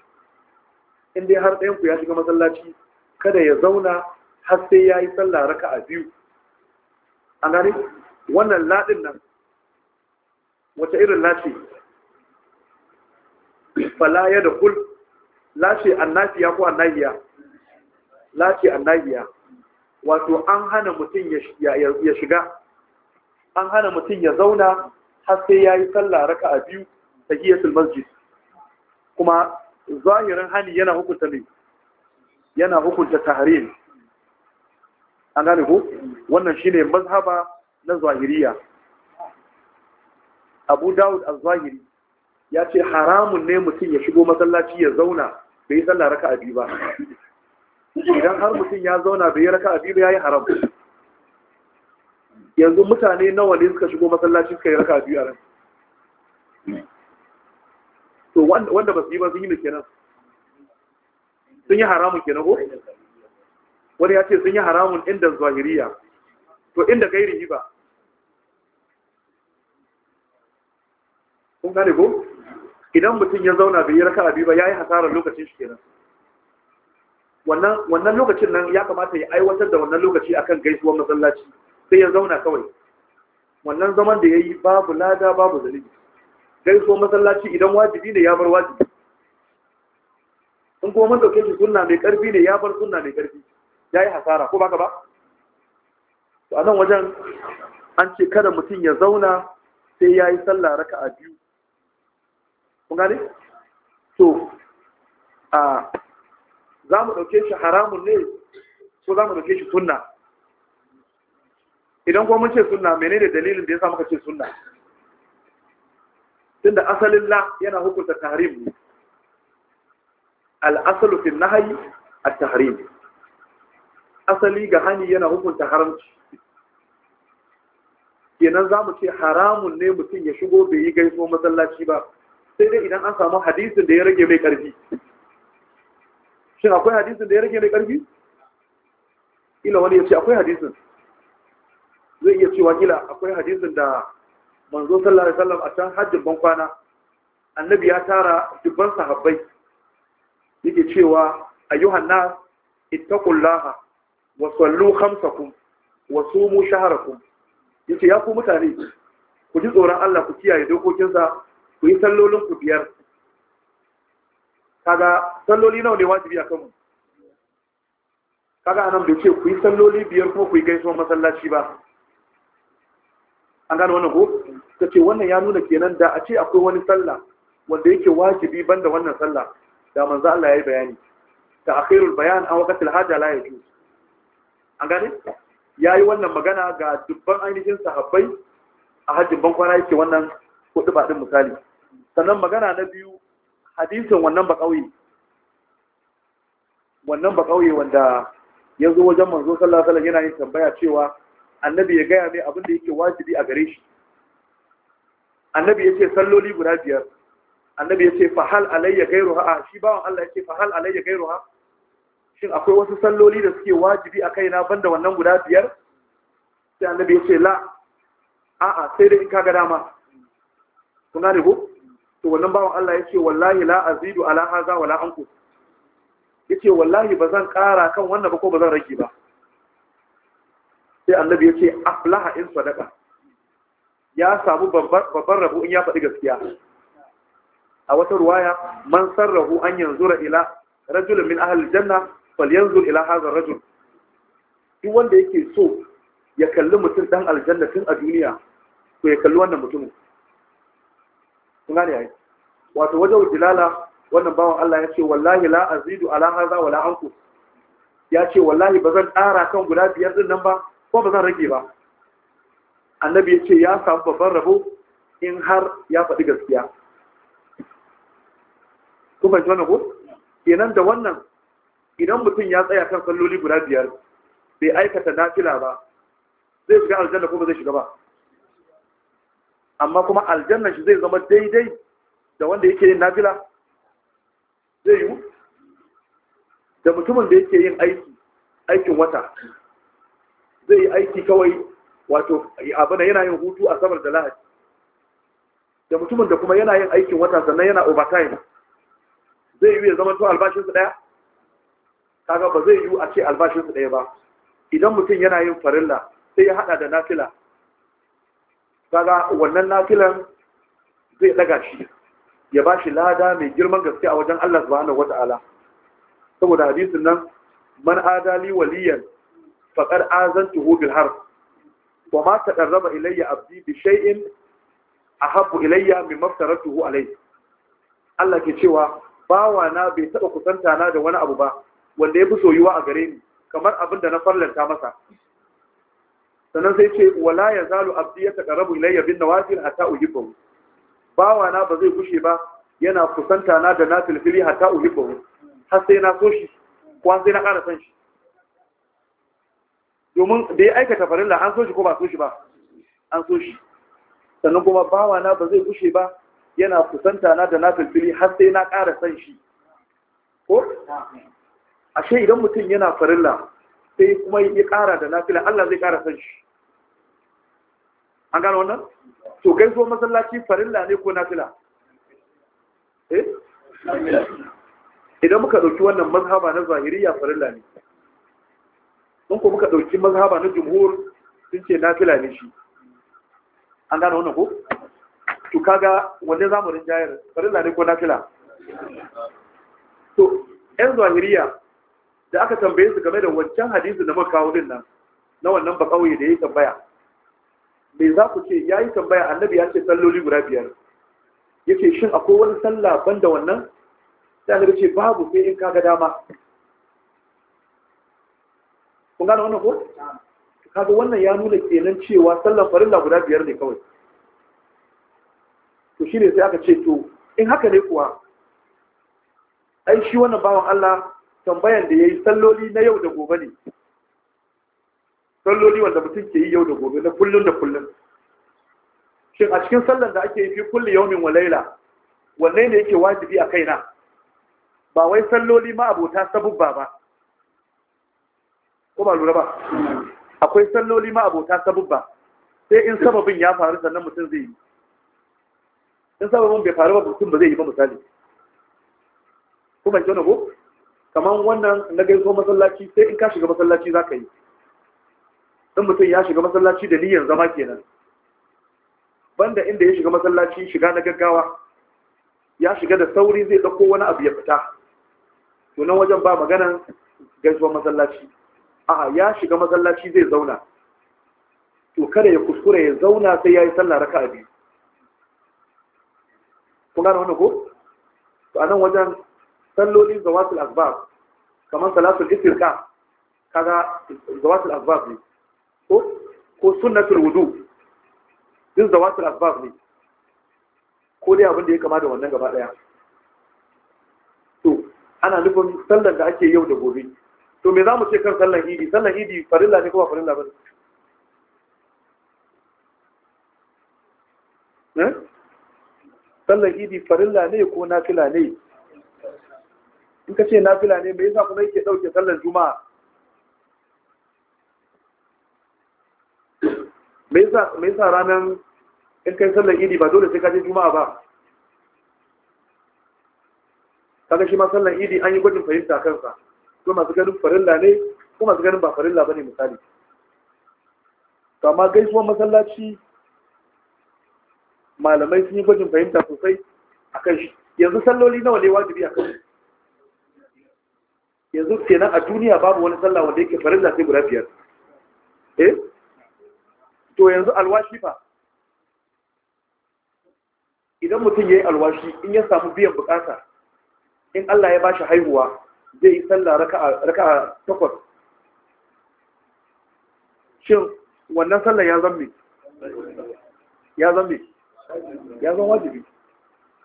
in dai har ɗayanku ya shiga masallaci kada ya zauna har sai ya yi sallah raka a biyu A gani wannan laɗin nan wata irin lati fala ya da kul an annafiya ko annahiya lati annabiya wato an hana mutum ya shiga an hana mutum ya zauna har sai ya yi sallah raka'a biyu ta masjid kuma zahirin hani yana hukunta ne yana hukunta tahrim an gane ko wannan shine mazhaba na zahiriya abu dawud az-zahiri ya ce haramun ne mutum ya shigo masallaci ya zauna bai yi sallah raka'a biyu ba idan har mutum ya zauna bai yi raka'a biyu ya yi haram yanzu mutane nawa ne suka shigo masallaci suka yi raka'a biyu a ran to wanda ba su yi ba sun yi mai kenan sun yi haramun kenan ko wani ya ce sun yi haramun inda zahiriya to inda gairi ba kun gane ko idan mutum ya zauna bai yi raka'a biyu ba ya yi hasarar lokacin shi kenan wannan lokacin nan ya kamata ya aiwatar da wannan lokaci akan gaisuwar masallaci sai ya zauna kawai wannan zaman da ya yi babu lada babu zalibi gaisuwar masallaci idan wajibi ne ya bar wajibi in kuma ɗauke shi sunna mai ƙarfi ne ya bar sunna mai ƙarfi ya yi hasara ko baka ba to a nan wajen an ce kada mutum ya zauna sai ya yi sallah a biyu kun gane to a za mu ɗauke shi haramun ne ko za mu ɗauke shi sunna idan kuma mun ce sunna da dalilin da ya sa muka ce sunna tunda asalin la yana hukunta tahrim ne al'asalu fi nahyi a tahrim asali ga hani yana hukunta haramci kenan za mu ce haramun ne mutum ya shigo bai yi gaiso masallaci ba sai dai idan an samu hadisin da ya rage mai karfi shin akwai hadisin da ya rage mai ƙarfi ila wani ya ce akwai hadisin zai iya cewa ila akwai hadisin da manzo sallallahu alaihi wasallam a can hajjin ban kwana annabi ya tara dubban sahabbai yake cewa ayyuhan nas ittaqullaha wa sallu khamsakum wa sumu shahrakum yace ya ku mutane ku ji tsoron Allah ku kiyaye dokokinsa ku yi sallolin ku biyar kaga salloli nawa ne wajibi a kanmu kaga anan bai ce ku yi salloli biyar kuma ku yi gaisuwar masallaci ba an gane wannan ko ta ce wannan ya nuna kenan da a ce akwai wani sallah wanda yake wajibi banda wannan sallah da manzo Allah yayi bayani ta akhirul bayan a waqtil haja la yaju an gane yayi wannan magana ga dubban ainihin sahabbai a hajjin ban kwana yake wannan kudu ba din misali sannan magana na biyu hadisin wannan ba wannan ba wanda ya zo wajen manzo sallallahu alaihi yana yin tambaya cewa annabi ya gaya mai abin da yake wajibi a gare shi annabi ya ce salloli guda biyar annabi ya ce fahal alayya gairuha a shi bawan Allah ya ce fahal alayya ha? shin akwai wasu salloli da suke wajibi a kaina banda wannan guda biyar sai annabi ya ce la a'a sai dai in kaga dama kun gane ko to wannan bawan Allah ya ce wallahi la azidu ala haza wala anku ya ce wallahi ba zan ƙara kan wannan ba ko ba zan rage ba sai annabi ya ce aflaha in sadaka ya samu babban rabu in ya faɗi gaskiya a wata ruwaya man sarrahu an yanzu ra ila rajulun min ahal janna fal yanzu ila hazar rajul duk wanda yake so ya kalli mutum dan aljanna tun a duniya to ya kalli wannan mutumin kun yayi wato waje dilala wannan bawan Allah ya ce wallahi la azidu ala hadha wala anku ya ce wallahi bazan zan ƙara kan guda biyar din nan ba ko bazan rage ba annabi ya ce ya samu babban rabo in har ya faɗi gaskiya kun fahimci wannan ko kenan da wannan idan mutum ya tsaya kan salloli guda biyar bai aikata nafila ba zai shiga aljanna ko ba zai shiga ba amma kuma aljanna shi zai zama daidai da wanda yake yin nafila zai yi da mutumin da yake yin aiki aikin wata zai yi aiki kawai wato abin yana yin hutu a samar da lahadi da mutumin da kuma yana yin aikin wata sannan yana overtime zai yi ya zama to albashinsu ɗaya kaga ba zai yi a ce albashinsu ɗaya ba idan mutum yana yin farilla sai ya hada da nafila kaga wannan nafilan zai daga shi ya ba shi lada mai girman gaske a wajen Allah subhanahu wata'ala saboda hadisin nan man adali waliyan faqad azantuhu bil harb wa ma taqarraba ilayya abdi bi shay'in ahabbu ilayya mimma aftaratuhu alayhi Allah ke cewa bawa na bai taba kusanta na da wani abu ba wanda ya fi soyuwa a gare ni kamar abin da na farlanta masa sannan sai ce wala ya zalu abdi ya taqarrabu ilayya bin nawafil hatta uhibbu bawa na ba zai kushe ba yana kusanta na da nafil fili hatta uhibbu har sai na so shi ko sai na ƙara san shi domin da ya aikata farilla an so shi ko ba so shi ba an so shi sannan kuma bawa na ba zai kushe ba yana kusanta na da nafil fili har sai na ƙara san shi ko ashe idan mutum yana farilla sai kuma ya ƙara da nafila Allah zai ƙara san shi an gano wannan to kai zo masallaci farilla ne ko nafila eh idan muka ɗauki wannan mazhaba na zahiriya farilla ne don ko muka ɗauki mazhaba na jumhur sun ce nafila ne shi an gano wannan ko to kaga wanda zamu rinjayar farilla ne ko nafila to yan zahiriya da aka tambaye su game da wancan hadisi da muka kawo din nan na wannan ba kawai da yayi tambaya me za ku ce yayi tambaya annabi ya ce salloli guda biyar yake shin akwai wani sallah banda wannan da annabi ce babu sai in kaga dama kun gane wannan ko kaga wannan ya nuna kenan cewa sallan farilla guda biyar ne kawai to shine sai aka ce to in haka ne kuwa ai shi wannan bawan Allah tambayan da ya yi salloli na yau da gobe ne salloli wanda mutum ke yi yau da gobe na kullum da kullum shin a cikin sallan da ake yi fi kulli yaumin wa walaila wanne ne yake wajibi a kaina ba wai salloli ma abota sabubba ba ko ba lura ba akwai salloli ma abota sabubba sai in sababin ya faru sannan mutum zai yi in sababin bai faru ba mutum ba zai yi ba misali kuma ke na ko kamar wannan na gaiso masallaci sai in ka shiga masallaci za ka yi in mutum ya shiga masallaci da niyyar zama kenan banda inda ya shiga masallaci shiga na gaggawa ya shiga da sauri zai ɗauko wani abu ya fita tunan wajen ba maganan gaisuwar masallaci a'a ya shiga masallaci zai zauna to kada ya kuskure ya zauna sai ya yi sallah raka biyu kun gane wannan ko to a nan wajen sallolin zawatul asbab kamar salatul ka kaga zawatul asbab ne ko ko sunnatul wudu din zawatul asbab ne ko dai abin da ya kama da wannan gaba daya to ana nufin sallar da ake yau da gobe to me za mu ce kan sallar idi sallar idi farilla ne ko ba farilla ba ne eh? sallar idi farilla ne ko nafila ne in ka ce nafila ne me yasa kuma yake ɗauke sallar juma'a me yasa ranar in kai sallar idi ba dole sai ka je juma'a ba kaga shi ma sallar idi an yi gwajin fahimta kansa ko masu ganin farilla ne ko masu ganin ba farilla bane misali amma gaisuwar masallaci malamai sun yi gwajin fahimta sosai a kan shi yanzu salloli nawa ne wajibi a kan yanzu kenan a duniya babu wani sallah wanda yake farilla sai guda biyar eh to yanzu alwashi fa idan mutum ya yi alwashi in ya samu biyan bukata in Allah ya bashi haihuwa zai yi sallah raka'a takwas shin wannan sallah ya zambe ya zambe ya zama wajibi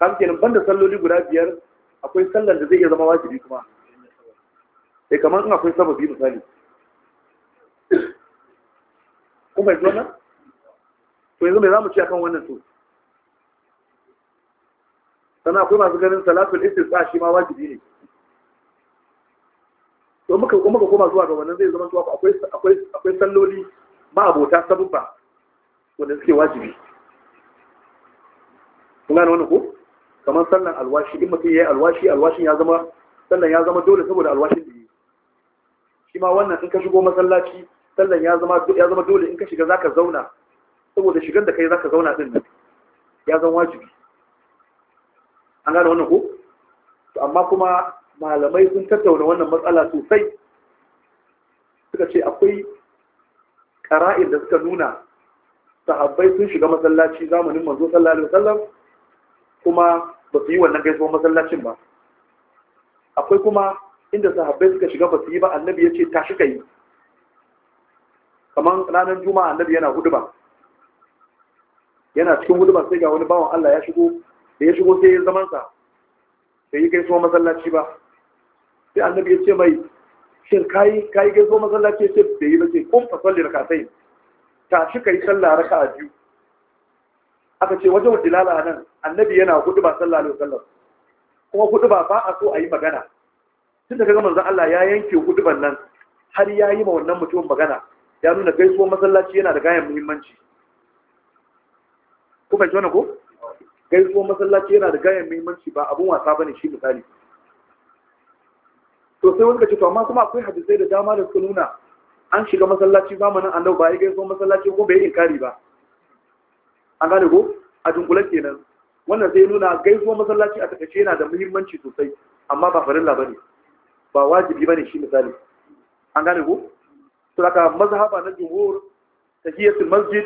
Kamfanin kenan banda salloli guda biyar akwai sallar da zai iya zama wajibi kuma eh kamar in akwai sababi misali kun fahimci wannan to yanzu mai za mu ci akan wannan to sana akwai masu ganin salatul istisqa shi ma wajibi ne to muka kuma ka koma zuwa ga wannan zai zama cewa akwai akwai akwai salloli ma abota sabubba wanda suke wajibi kun gane wannan ko kamar sallan alwashi in mutum yayi alwashi alwashin ya zama sallan ya zama dole saboda alwashin da yi kima wannan in ka shigo masallaci sallan ya zama ya zama dole in ka shiga zaka zauna saboda shigan da kai zaka zauna din nan ya zama wajibi an gane wannan ko to amma kuma malamai sun tattauna wannan matsala sosai suka ce akwai ƙara'in da suka nuna sahabbai sun shiga masallaci zamanin manzo sallallahu alaihi wasallam kuma ba su yi wannan gaisuwar masallacin ba akwai kuma inda sahabbai suka shiga ba su yi ba annabi ya ce tashi ka yi kamar ranar juma'a annabi yana huduba yana cikin huduba sai ga wani bawan Allah ya shigo da ya shigo sai ya zaman sa bai yi gaisuwa masallaci ba sai annabi ya ce mai shin kai kai gaisuwa masallaci sai bai yi ba sai kun fa salli sai tashi yi sallah a biyu aka ce wajen dilala nan annabi yana huduba sallallahu alaihi wasallam kuma huduba ba a so a yi magana tun da gama zan Allah ya yanke huduban nan har ya yi ma wannan mutumin magana ya nuna gaisuwar masallaci yana da gayan muhimmanci ko fahimci wannan ko gaisuwar masallaci yana da gayan muhimmanci ba abun wasa bane shi misali to sai wanda ce to amma kuma akwai hadisai da dama da suka nuna an shiga masallaci zamanin annabi ba ya gaisuwar masallaci ko bai inkari ba an gane ko a dunkule kenan wannan zai nuna gaisuwar masallaci a takaice yana da muhimmanci sosai amma ba farilla bane ba wajibi bane shi misali an gane ko to daga mazhaba na jumhur tahiyatul masjid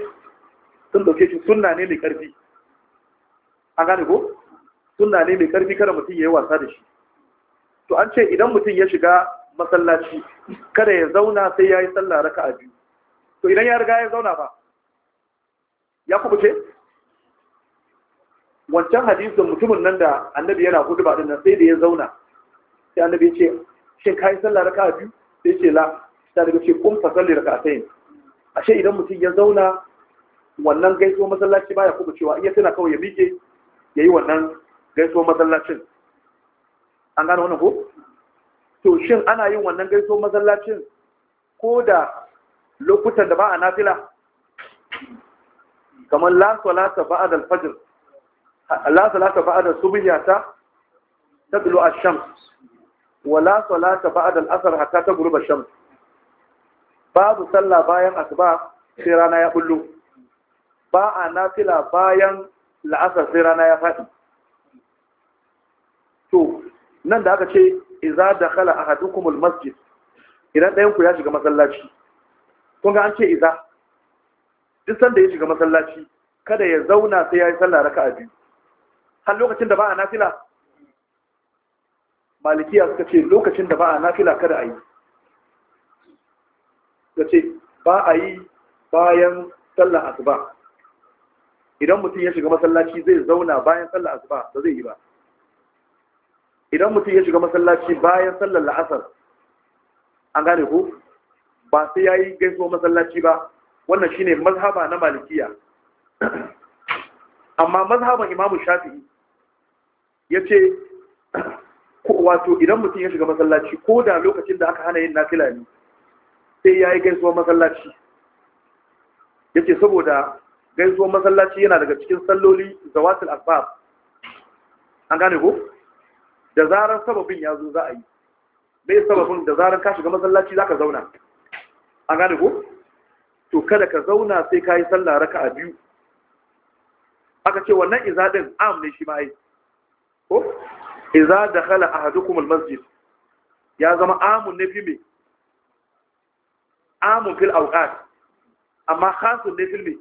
sun dauke shi sunna ne mai karfi an gane ko sunna ne mai karfi kada mutum yayi wasa da shi to an ce idan mutum ya shiga masallaci kada ya zauna sai yayi sallah raka'a biyu to idan ya riga ya zauna ba ya kubuce wancan hadisin mutumin nan da annabi yana hudu ba din nan sai da ya zauna sai annabi ya ce shin ka yi sallah raka biyu sai ce la ta daga ce kun fa sallar raka sai ashe idan mutum ya zauna wannan gaiso masallaci baya kuma cewa iya tana kawai ya miƙe ya yi wannan gaiso masallacin an gane wannan ko to shin ana yin wannan gaiso masallacin ko da lokutan da ba a nafila kamar la salata ba'da al-fajr la salata ba'da subhiyata tadlu ash-shams wala salata ba'da al-asr hatta taghrib ash-shams babu sallah bayan asuba sai rana ya bullo ba a nafila bayan la'asar sai rana ya faɗi to nan da aka ce iza da ahadukum al masjid idan ɗayan ku ya shiga masallaci kun ga an ce iza duk sanda ya shiga masallaci kada ya zauna sai ya yi sallah raka'a biyu har lokacin da ba a nafila malikiya suka ce lokacin da ba a nafila kada a yi suka ce ba a yi bayan sallar asuba idan mutum ya shiga masallaci zai zauna bayan sallar asuba ba zai yi ba idan mutum ya shiga masallaci bayan sallar la'asar an gane ku. ba sai ya yi gaiso masallaci ba wannan shine mazhaba na malikiya amma mazhaban imamu shafi'i ya ce wato idan mutum ya shiga masallaci ko da lokacin da aka hana yin nafila ne sai ya yi gaisuwar masallaci ya ce saboda gaisuwar masallaci yana daga cikin salloli zawatul asbab an gane ko da zarar sababin ya zo za a yi mai sababin da zarar ka shiga masallaci za ka zauna an gane ko to kada ka zauna sai ka yi sallah raka a biyu aka ce wannan izaɗin am ne shi ma ai ko iza da khala ahadukum masjid. ya zama amun ne fi amun fil awqat amma khasun ne fil me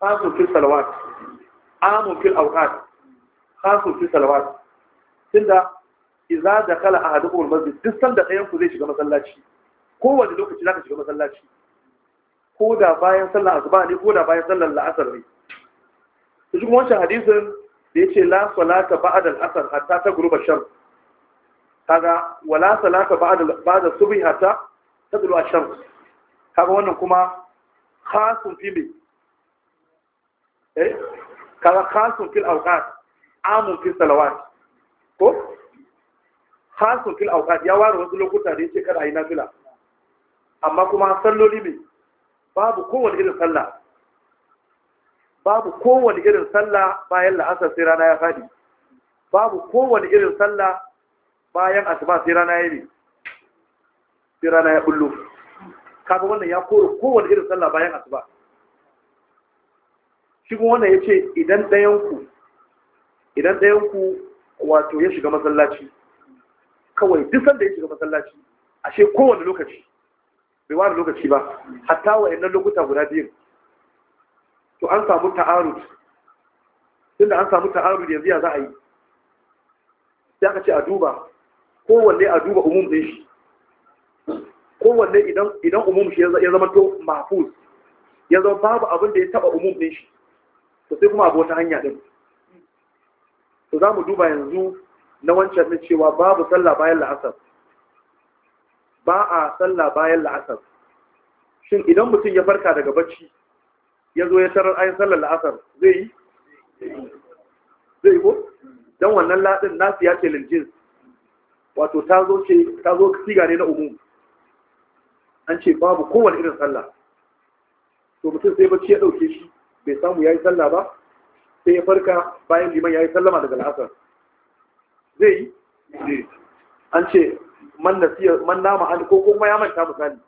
khasun fil salawat amun fil awqat khasun fil salawat tunda iza da khala ahadukum masjid, duk sanda ɗayan ku zai shiga masallaci kowane lokaci zaka shiga masallaci ko da bayan sallar asuba ne ko da bayan sallar la'asar ne Su shi kuma wancan hadisin da yace la salata ba'da al hata ta tagruba shan kaga wala salata ba'da subi subhi ta tagruba shan. kaga wannan kuma khasun fi eh kaga khasun fil awqat amun fil salawat ko khasun fil awqat ya ware wasu lokuta da ce kada ayi nafila amma kuma salloli ne babu kowane irin sallah babu kowane irin sallah bayan la'asar sai rana ya fadi babu kowane irin sallah bayan asuba sai rana ya ne sai rana ya bullo kaga wannan ya koro kowane irin sallah bayan asuba shi kuma wannan ya ce idan ɗayanku idan ɗayanku wato ya shiga masallaci kawai duk sanda ya shiga masallaci ashe kowane lokaci bai wani lokaci ba hatta wa'annan lokuta guda biyun to an samu ta'arud tunda an samu ta'arud yanzu ya za a yi sai aka ce a duba kowanne a duba umum din shi kowanne idan umum shi ya zama to mahfuz ya zama babu abin da ya taba umum din shi to sai kuma abu wata hanya din to za mu duba yanzu na wancan na cewa babu sallah bayan la'asar ba a sallah bayan la'asar shin idan mutum ya farka daga bacci ya zo ya tarar ayin sallar la'asar zai yi zai ko don wannan latin nasu ya ce liljins wato ta zo ce ta zo siga ne na umu an ce babu kowane irin sallah to mutum sai bacci ya dauke shi bai samu yayi sallah ba sai ya farka bayan liman yayi sallama daga la'asar zai yi an ce man nasiya man nama an ko kuma ya manta misali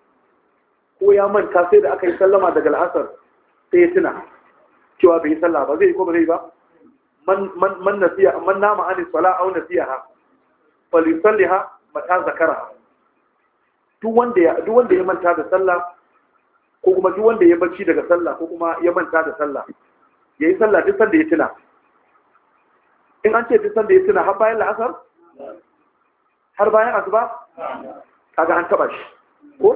ko ya manta sai da aka yi sallama daga la'asar sai tuna cewa bai yi sallah ba zai yi ko ba zai ba man nasiya man nama an sala aw nasiyaha falyusalliha mata zakara duk wanda ya duk wanda ya manta da sallah ko kuma duk wanda ya barci daga sallah ko kuma ya manta da sallah yayi sallah duk sanda ya tuna in an ce duk sanda ya tuna har bayan la'asar har bayan asuba kaga an taba shi ko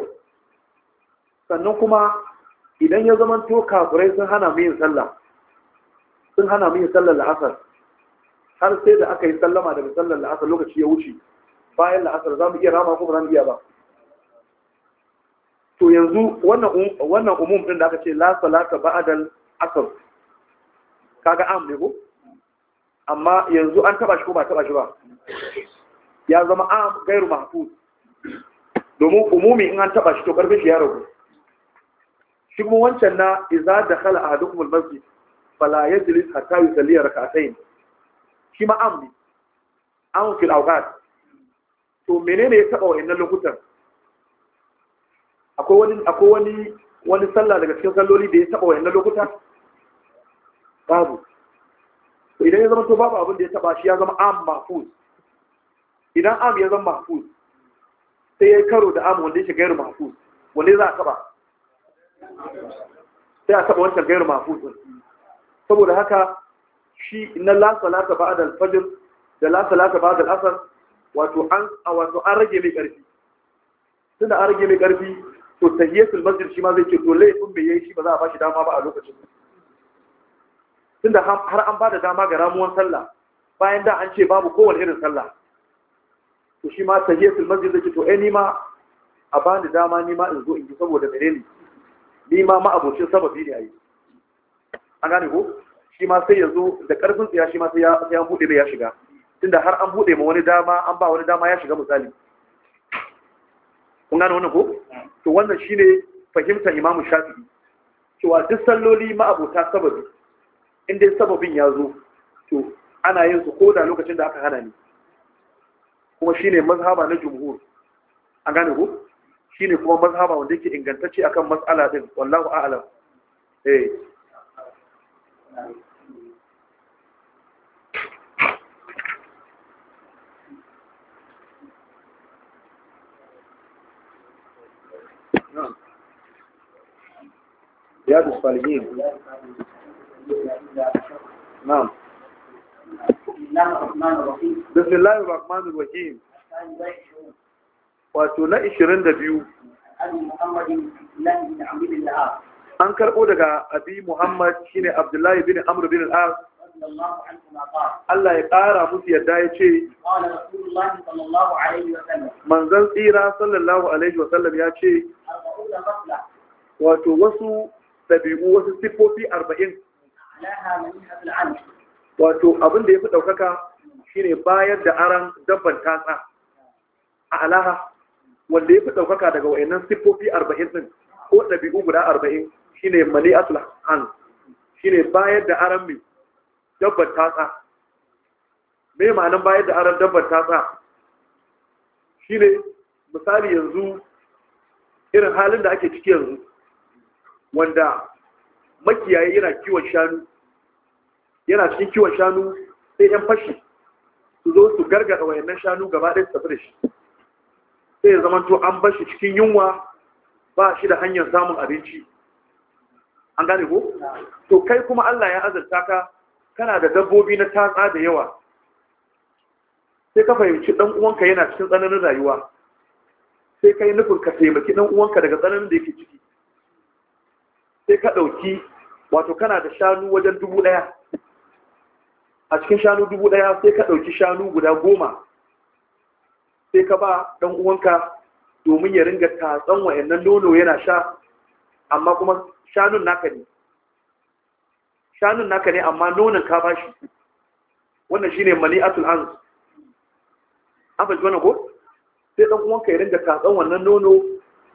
sannan kuma idan ya zama to kafirai sun hana mu yin sallah sun hana mu yin sallar la'asar har sai da aka yi sallama daga sallar la'asar lokaci ya wuce bayan la'asar za mu iya rama ko ba za mu iya ba to yanzu wannan um, umum din da aka ce la salata ba'dal asr kaga am ne ko amma yanzu an taba shi ko ba taba shi ba ya zama am gairu mahfuz domin umumi in an taba shi to karfe shi ya ragu shi kuma wancan na idza dakhala ahadukum almasjid fala yajlis hatta yusalli rak'atayn shi ma amni an fil awqat to menene ya taba wayannan lokutan akwai wani akwai wani wani sallah daga cikin salloli da ya taba wayannan lokutan babu to idan ya zama to babu abin da ya taba shi ya zama am mahfuz idan am ya zama mahfuz sai ya karo da am wanda ya shiga yar mahfuz wanda za a taba sai a taɓa wancan gairu mafusun saboda haka shi na lasalata ba da alfajir da lasalata ba da asar wato an rage mai ƙarfi tunda an rage mai ƙarfi to tahiyatul masjid shi ma zai ke dole sun bai yi shi ba za a ba shi dama ba a lokacin tunda har an ba da dama ga ramuwan sallah bayan da an ce babu kowane irin sallah to shi ma tahiyatul masjid zai ke, to ai eh, ni ma a ba ni dama ni ma in zo in ji saboda menene ni ma ma'abocin sababi ne a yi an gane ko shi ma sai yanzu da ƙarfin tsaya shi ma sai ya buɗe mai ya shiga tunda har an buɗe ma wani dama an ba wani dama ya shiga misali kun gane wannan ko to wannan shine fahimtar imamu shafi'i cewa duk salloli ma'abota sababi in dai sababin ya zo to ana yin su ko da lokacin da aka hana ni kuma shine mazhaba na jumhur an gane ko ne kuma mazhaba wanda yake ingantacce akan mas'ala din wallahu a'lam eh رياض الصالحين نعم بسم الله الرحمن الرحيم wato na 22 an karɓo daga abi muhammad shine abdullahi bin amr bin al-as Allah ya ƙara musu yadda ya ce, Manzan tsira sallallahu Alaihi wasallam ya ce, Wato wasu ɗabi'u wasu siffofi arba'in. Wato abinda ya fi ɗaukaka shine bayar da aran dabban tatsa a alaha wanda ya fi ɗaukaka daga wa'annan siffofi arba'in ɗin ko ɗabi'u guda arba'in shi ne mali'atul an shi ne bayar da aran mai dabbar tatsa me ma'anin bayar da aran dabbar tatsa shi ne misali yanzu irin halin da ake ciki yanzu wanda makiyaye yana kiwon shanu yana cikin kiwon shanu sai 'yan fashi su zo su gargada wa'annan shanu gaba ɗaya su tafi da shi sai ya zama an bashi cikin yunwa ba shi da hanyar samun abinci an gane ko to kai kuma Allah ya azalta ka kana da dabbobi na tatsa da yawa sai ka fahimci dan uwanka yana cikin tsananin rayuwa sai kai nufin ka taimaki dan uwanka daga tsananin da yake ciki sai ka dauki wato kana da shanu wajen dubu daya a cikin shanu dubu ɗaya sai ka ɗauki shanu guda goma sai ka ba dan uwanka domin ya ringa tatsan wayannan nono yana sha amma kuma shanun naka ne shanun naka ne amma nonon ka ba shi wannan shine mani'atul ans an fahimci wannan ko sai dan uwanka ya ringa tatsan wannan nono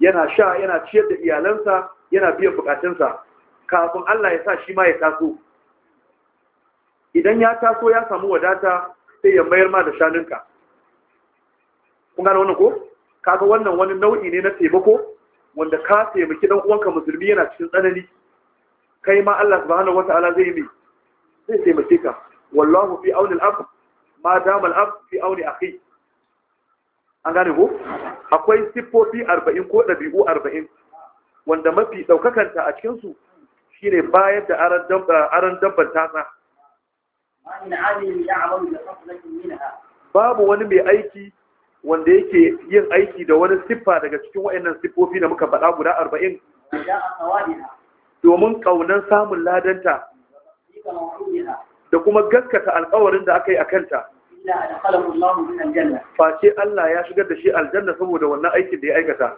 yana sha yana ciyar da iyalansa yana biyan bukatunsa kafin Allah ya sa shi ma ya taso idan ya taso ya samu wadata sai ya mayar ma da shanunka kun gane wannan ko kaga wannan wani nau'i ne na taimako wanda ka taimaki dan uwanka musulmi yana cikin tsanani kai ma Allah subhanahu wataala zai yi zai taimake ka wallahu fi auni al-ab ma dama al-ab fi auni akhi an gane ko akwai siffofi 40 ko dabi'u 40 wanda mafi daukakanta a cikin su shine bayar da aran dabba aran ta tasa babu wani mai aiki wanda yake yin aiki da wani siffa daga cikin wayannan siffofi da muka faɗa guda 40 domin kaunan samun ladanta da kuma gaskata alƙawarin da aka yi a kanta face Allah ya shigar da shi aljanna saboda wannan aikin da ya aikata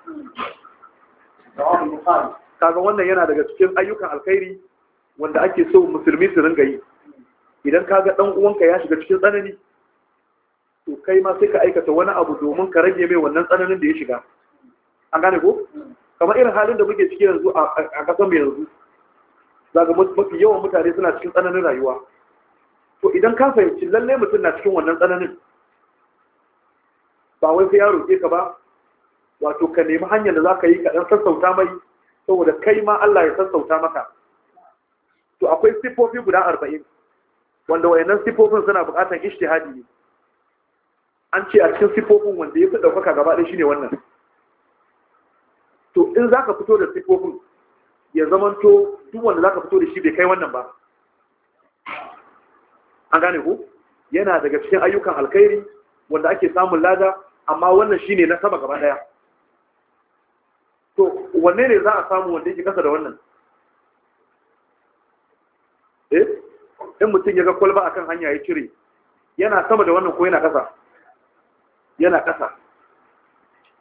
kaga wannan yana daga cikin ayyukan alkhairi wanda ake so musulmi su ringa yi idan kaga ɗan uwanka ya shiga cikin tsanani to kai ma sai ka aikata wani abu domin ka rage mai wannan tsananin da ya shiga an gane ko kamar irin halin da muke ciki yanzu a kasan mai yanzu zaga mafi yawan mutane suna cikin tsananin rayuwa to idan ka fahimci lalle mutum na cikin wannan tsananin ba wai sai ya roƙe ka ba wato ka nemi hanyar da za ka yi kaɗan sassauta mai saboda kai ma Allah ya sassauta maka to akwai siffofi guda arba'in wanda wayannan siffofin suna buƙatar ishtihadi ne an ce a cikin sifofin wanda ya fi ɗaukaka gaba ɗaya shine wannan to in za ka fito da sifofin ya zamanto duk wanda za ka fito da shi bai kai wannan ba an gane ku yana daga cikin ayyukan alkhairi wanda ake samun lada amma wannan shine na sama gaba ɗaya to wanne ne za a samu wanda yake kasa da wannan eh in mutum ya ga kwalba akan hanya ya cire yana sama da wannan ko yana kasa yana ƙasa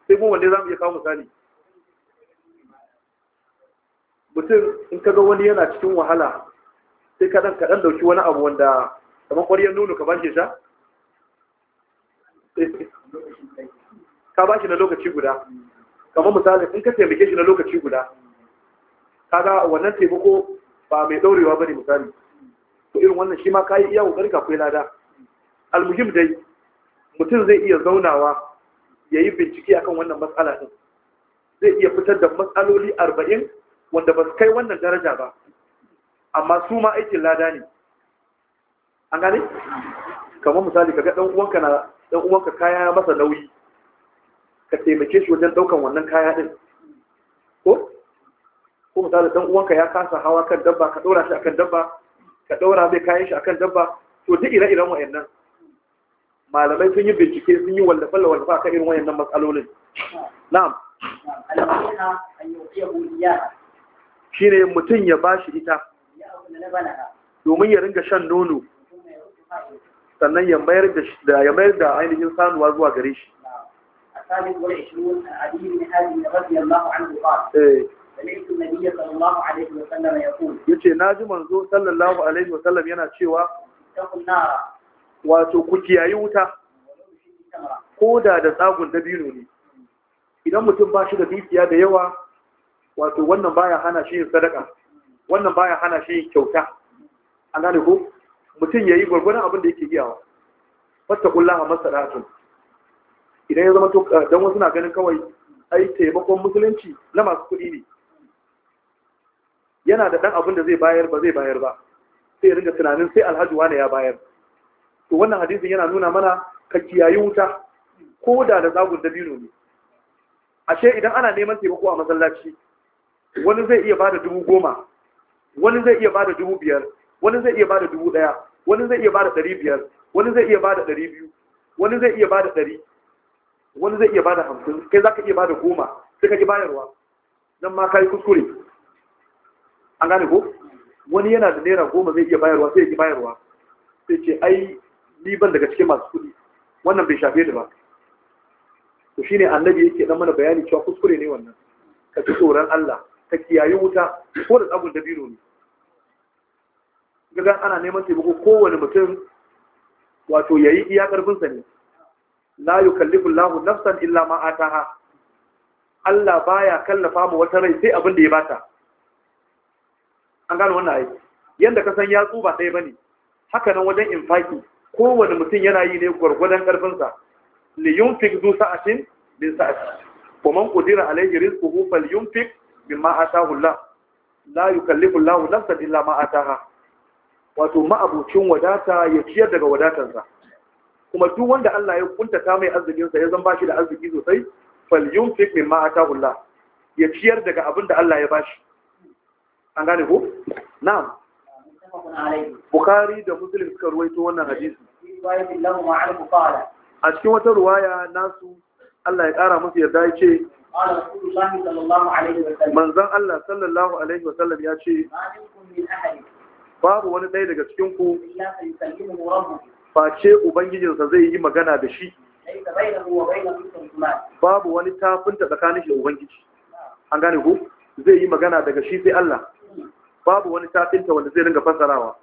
sai kuma wanda za mu iya kawo misali mutum in ka ga wani yana cikin wahala sai ka kaɗan ɗauki wani abu wanda kamar ƙwaryar nono ka bashi sha ka bashi na lokaci guda kamar misali in ka taimake shi na lokaci guda ka ga wannan taimako ba mai ɗaurewa ba ne misali to irin wannan shi ma ka yi iya ƙoƙari ka kwai lada almuhim dai mutum zai iya zaunawa ya yi bincike akan wannan matsala ɗin zai iya fitar da matsaloli arba'in wanda ba su kai wannan daraja ba amma su ma aikin lada ne an gane kamar misali ka ga ɗan uwanka na ɗan uwanka kaya masa nauyi ka taimake shi wajen ɗaukan wannan kaya ɗin ko ko misali ɗan uwanka ya kasa hawa kan dabba ka ɗora shi akan dabba ka ɗora mai kayan shi akan dabba to duk ire-iren wa'annan malamai sun yi bincike sun yi wallafa wallafa kan irin wayannan nan matsalolin na'am ne mutum ya ba shi ita domin ya ringa shan nono sannan ya da ya mayar da ainihin sanuwa zuwa gare shi eh. ya ce na ji manzo sallallahu alaihi wasallam yana cewa wato ku kiyayi wuta ko da da tsagun dabino ne idan mutum ba shi da dukiya da yawa wato wannan baya hana shi yin sadaka wannan baya hana shi yin kyauta an gane ko mutum ya yi gwargwadon abin da yake giyawa fasta kullaha masaratun idan ya zama eh, don wasu na ganin kawai ai taimakon musulunci na masu kuɗi ne yana da ɗan abin da zai bayar ba zai bayar ba sai ringa tunanin sai alhaji wane ya bayar to wannan hadisin yana nuna mana ka kiyaye wuta ko da da zagun dabino ne ashe idan ana neman taimako a masallaci wani zai iya bada dubu goma wani zai iya bada dubu biyar wani zai iya bada dubu ɗaya wani zai iya bada ɗari biyar wani zai iya bada ɗari biyu wani zai iya bada ɗari wani zai iya bada hamsin kai za ka iya bada goma sai ka ji bayarwa nan ma ka yi kuskure an gane ko wani yana da naira goma zai iya bayarwa sai ya ki bayarwa sai ce ai ni ban daga cikin masu kuɗi wannan bai shafe da ba to shine annabi yake dan mana bayani cewa kuskure ne wannan ka ci tsoron Allah ka kiyaye wuta ko da da dabino ne Gidan ana neman taimako kowane mutum wato yayi iya karfinsa ne la yukallifu Allahu nafsan illa ma ataha Allah baya kallafa mu wata rai sai abin da ya bata an gano wannan ayi yanda ka san ya tsuba ɗaya bane haka nan wajen infaki kowane mutum yana yi ne gwargwadon ƙarfinsa li fi zu sa'atin min sa'ati wa man qadira fal yun fi bin ataahu hula. la yukallifu Allah nafsan illa ma ataaha wato ma'abucin wadata ya ciyar daga wadatarsa kuma duk wanda Allah ya kuntata mai arzikin sa ya zan bashi da arziki sosai Fal yun falyunfik mimma ataahu hula. ya ciyar daga abin da Allah ya bashi an gane ko na'am Bukhari da Muslim suka ruwaito wannan hadisi a cikin wata ruwaya nasu Allah ya ƙara musu yarda ya ce manzan Allah sallallahu alaihi wasallam ya ce babu wani ɗaya daga cikin ku face ubangijinsa zai yi magana da shi babu wani tafinta tsakanin shi da ubangiji an gane ku zai yi magana daga shi sai Allah babu wani tafinta wanda zai ringa fassarawa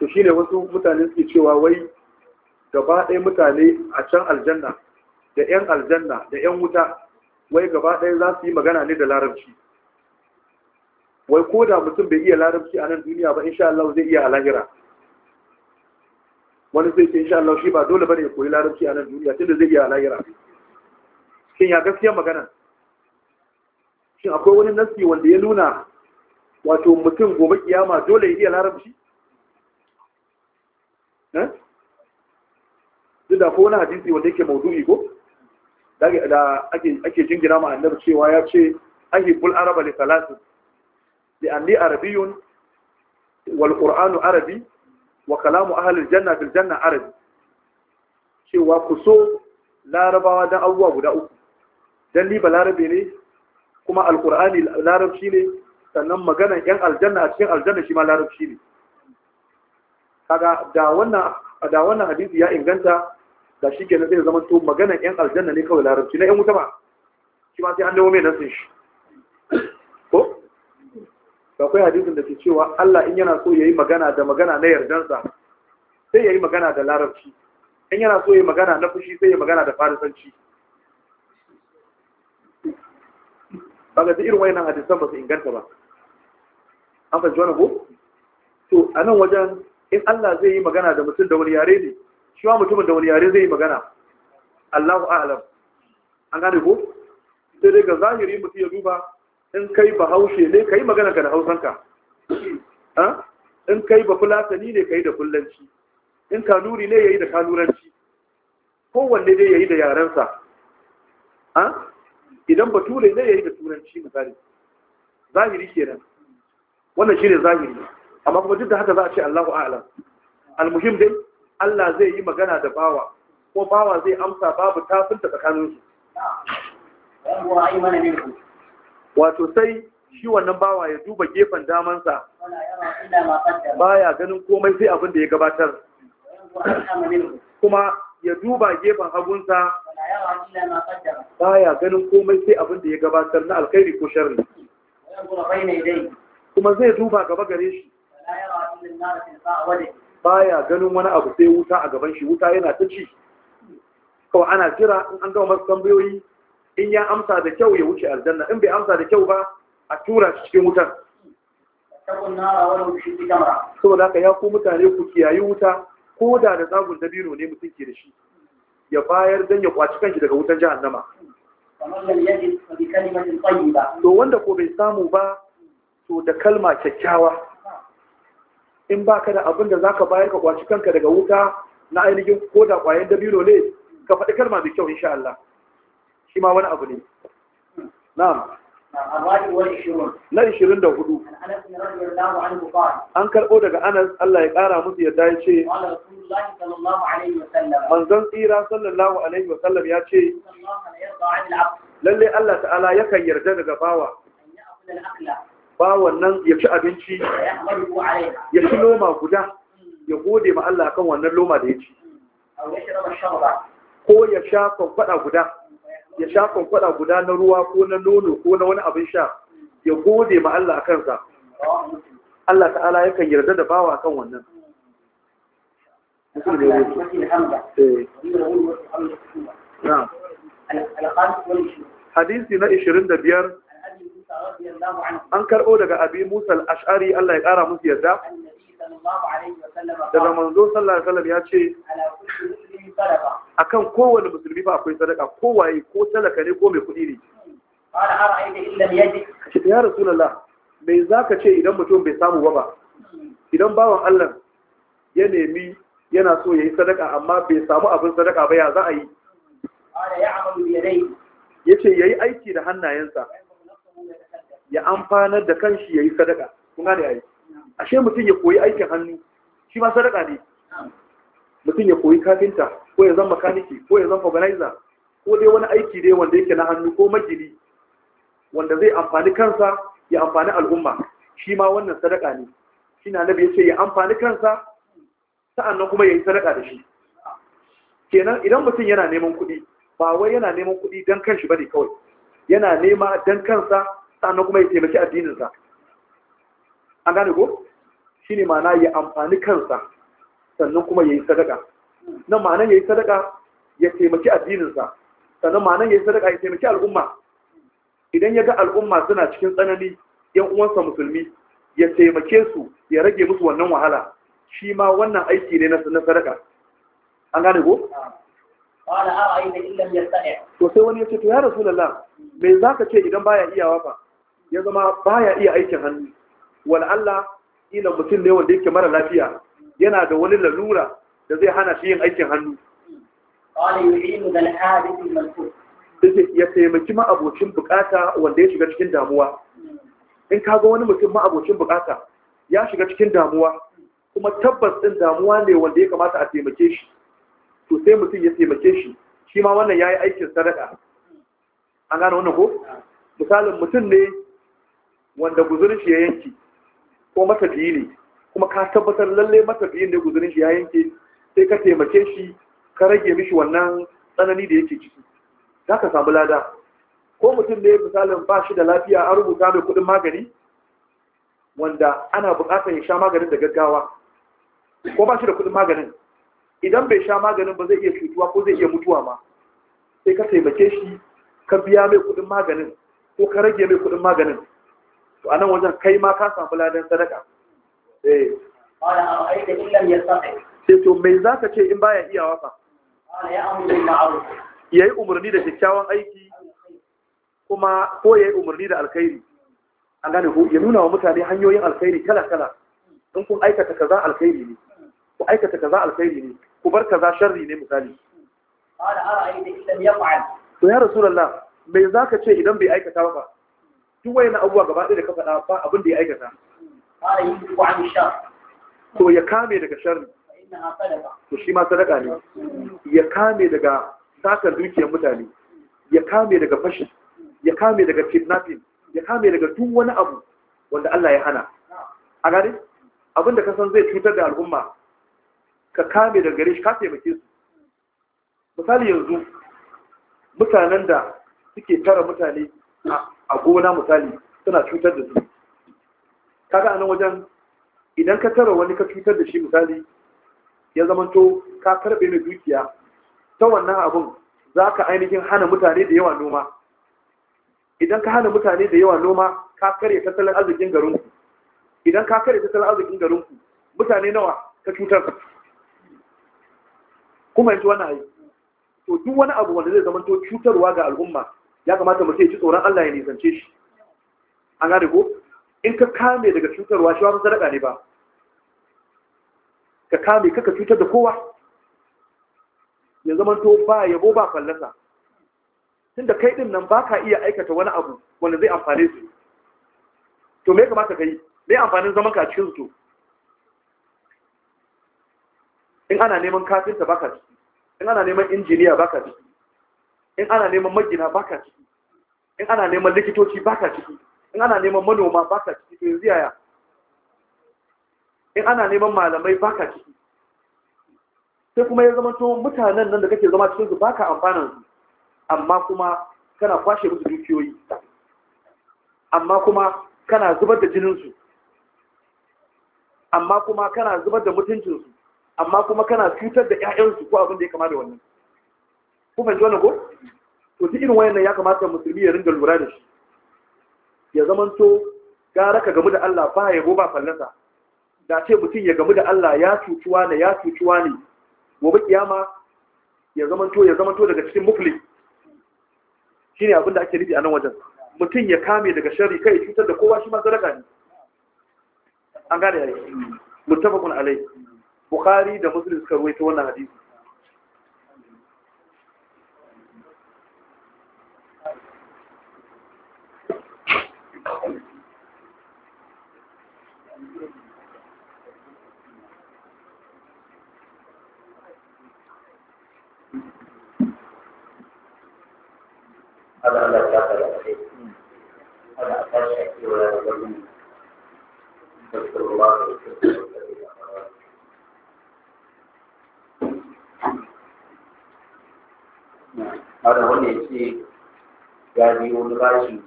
to shi ne wasu mutane suke cewa wai gaba ɗaya mutane a can aljanna da 'yan aljanna da 'yan wuta wai gaba ɗaya za su yi magana ne da larabci wai ko da mutum bai iya larabci a nan duniya ba insha Allah zai iya alahira wani zai ce insha Allah shi ba dole bane ya koyi larabci a nan duniya tunda zai iya alahira shin ya gaskiya magana shin akwai wani nasi wanda ya nuna wato mutum gobe kiyama dole ya iya larabci Eh? duk da ko hadisi wanda yake maudu'i ko da ake jingina ma annabi cewa ya ce ahibbul araba li salatin li anni arabiyun wal qur'anu arabi wa kalamu ahli janna fil janna arabi cewa ku so larabawa dan abubuwa guda uku dan ni ba larabe ne kuma alqur'ani larabci ne sannan maganan yan aljanna a cikin aljanna shi ma larabci ne kaga da wannan da wannan hadisi ya inganta da shi kenan zai zama to magana yan aljanna ne kawai larabci na yan wuta ba shi ma sai an dawo mai sun shi ko akwai hadisin da ke cewa Allah in yana so yayi magana da magana na yardansa sai yayi magana da larabci in yana so yayi magana na fushi sai yayi magana da farisanci kaga da irin wayannan hadisan ba su inganta ba an fahimci wannan ko to a nan wajen in Allah zai yi magana da mutum da wani yare ne shi wa mutumin da wani yare zai yi magana Allahu a'lam an gane ko sai dai ga zahiri mutum ya duba in kai bahaushe ne kai magana ka da hausanka in kai ba fulatani ne kai da kullanci in kanuri ne yayi da kanuranci kowanne dai yayi da yarensa idan bature ne yayi da turanci misali zahiri kenan wannan shine zahiri amma kuma duk da haka za a ce Allahu a'lam almuhim dai Allah zai yi magana da bawa ko bawa zai amsa babu tafinta tsakanin su wato sai shi wannan bawa ya duba gefen damansa baya ganin komai sai abin da ya gabatar kuma ya duba gefen hagunsa baya ganin komai sai abin da ya gabatar na alkhairi ko sharri kuma zai duba gaba gare shi baya ganin wani abu sai wuta a gaban shi wuta yana ta ci kawai ana jira in an gama masu tambayoyi in ya amsa da kyau ya wuce aljanna in bai amsa da kyau ba a tura shi cikin wutan saboda haka ya ku mutane ku kiyayi wuta ko da da tsagun dabino ne mutum ke da shi ya bayar don ya kwaci kanshi daga wutan nama. to wanda ko bai samu ba to da kalma kyakkyawa in baka da abin da zaka bayar ka kwaci kanka daga wuta na ainihin ko da kwayan dabino ne ka faɗi kalma mai kyau insha Allah shi ma wani abu ne na'am na 24 an karɓo daga anas Allah ya ƙara musu yadda ya ce manzon tsira sallallahu alaihi wasallam ya ce lalle Allah ta'ala yakan yarda daga bawa ba wannan ya ci abinci ya ci loma guda ya gode ma Allah kan wannan loma da ya ci ko ya sha kwankwada guda ya sha kwankwada guda na ruwa ko na nono ko na wani abin sha ya gode ma Allah a kansa Allah ta'ala yakan yarda da bawa kan wannan eh. hadisi na 25 an karɓo daga abi musa al'ashari Allah ya ƙara musu yadda daga manzo Sallar alaihi ya ce a kan kowane musulmi ba akwai sadaka kowaye ko talaka ne ko mai kuɗi ne ya rasulullah mai ka ce idan mutum bai samu ba idan bawan Allah ya nemi yana so ya yi sadaka amma bai samu abin sadaka ba ya za a yi ya ce ya yi aiki da hannayensa ya amfanar da kanshi ya yi sadaka kun gane yayi ashe mutum ya koyi aikin hannu shi ma sadaka ne mutum ya koyi kafinta ko ya zama makaniki ko ya zama organizer ko dai wani aiki dai wanda yake na hannu ko magini wanda zai amfani kansa ya amfani al'umma shi ma wannan sadaka ne shi na nabi ya ce ya amfani kansa sa'annan kuma ya yi sadaka da shi kenan idan mutum yana neman kuɗi ba wai yana neman kuɗi don kanshi ba ne kawai yana nema don kansa sannan kuma ya taimaki addininsa an gane ko shi ne ma'ana ya amfani kansa sannan kuma ya yi sadaka nan ma'ana ya yi sadaka ya taimaki addininsa sannan ma'ana ya yi sadaka ya taimaki al'umma idan ya ga al'umma suna cikin tsanani yan uwansa musulmi ya taimake su ya rage musu wannan wahala shi ma wannan aiki ne na sadaka an gane ko to sai wani ya ce to ya rasulullah me zaka ce idan baya iyawa fa ya zama baya iya aikin hannu wani Allah ila mutum ne wanda yake mara lafiya yana da wani lalura da zai hana shi yin aikin hannu ya taimaki ma'abocin bukata wanda ya shiga cikin damuwa in ka ga wani mutum ma'abocin bukata ya shiga cikin damuwa kuma tabbas ɗin damuwa ne wanda ya kamata a taimake shi to sai mutum ya taimake shi shi ma wannan ya yi aikin sadaka an gane wannan ko misalin mutum ne wanda guzurin shi ya yanke ko matafiyi ne kuma ka tabbatar lalle matafiyin ne guzurin shi ya yanke sai ka taimake shi ka rage mishi wannan tsanani da yake ciki za ka samu lada ko mutum ne misalin ba shi da lafiya a rubuta mai kuɗin magani wanda ana buƙatar ya sha maganin da gaggawa ko ba shi da kuɗin maganin idan bai sha maganin ba zai iya cutuwa ko zai iya mutuwa ma sai ka taimake shi ka biya mai kuɗin maganin ko ka rage mai kuɗin maganin to anan wajen kai ma ka samu ladan sadaka eh qala ara'aita in lam yastati sai to me za ka ce in baya iyawa fa qala ya amru bil ma'ruf yayi umarni da kyakkyawan aiki kuma ko yayi umarni da alkhairi an gane ko ya nuna wa mutane hanyoyin alkhairi kala kala in kun aikata kaza alkhairi ne ku aikata kaza alkhairi ne ku bar kaza sharri ne misali qala da in lam yaf'al to ya rasulullah me za ka ce idan bai aikata ba duk wayan abubuwa gaba ɗaya da ka faɗa ba abin da ya aikata to ya kame daga sharri to shi ma sadaka ne ya kame daga satar dukiyar mutane ya kame daga fashi ya kame daga kidnapping ya kame daga duk wani abu wanda Allah ya hana a gane abinda ka san zai cutar da al'umma ka kame daga gare shi ka taimake su misali yanzu mutanen da suke tara mutane a gona misali suna cutar da su kaga anan wajen idan ka tara wani ka cutar da shi misali ya zamanto ka karbe mai dukiya ta wannan abun za ka ainihin hana mutane da yawa noma idan ka hana mutane da yawa noma ka karya tattalin arzikin garinku idan ka karya tattalin arzikin garinku mutane nawa ka cutar kuma yanzu wani ayi to duk wani abu wanda zai zamanto cutarwa ga al'umma ya kamata mutum ya ci tsoron Allah ya nisance shi an gane ko in ka kame daga cutarwa shi wani sadaka ne ba ka kame kaka cutar da kowa ya zama to ba yabo ba fallasa tunda kai din nan baka iya aikata wani abu wanda zai amfane su to me kamata ka yi me amfanin zaman ka a cikin su in ana neman kafinta baka ciki in ana neman injiniya baka ciki in ana neman magina baka ciki in ana neman likitoci ba ka ciki in ana neman manoma ba ka ciki to yanzu yaya in ana neman malamai ba ka ciki sai kuma ya zama to mutanen nan da kake zama cikin su ba ka amfanan su amma kuma kana kwashe musu dukiyoyi amma kuma kana zubar da jinin su, amma kuma kana zubar da mutuncin su, amma kuma kana cutar da 'ya'yansu ko abin da ya kama da wannan ku fahimci wannan ko to duk irin wayannan ya kamata musulmi ya ringa lura da shi ya zamanto gara ka gamu da Allah ba yabo ba fallasa da ce mutum ya gamu da Allah ya cutuwa ne ya cutuwa ne gobe kiyama ya zamanto ya zamanto daga cikin mukli shine abin da ake nufi a nan wajen mutum ya kame daga sharri kai cutar da kowa shi ma sadaka ne an gane yi muttafaqun alai bukhari da muslim suka ruwaito wannan hadisi wanda ya ce ya biyo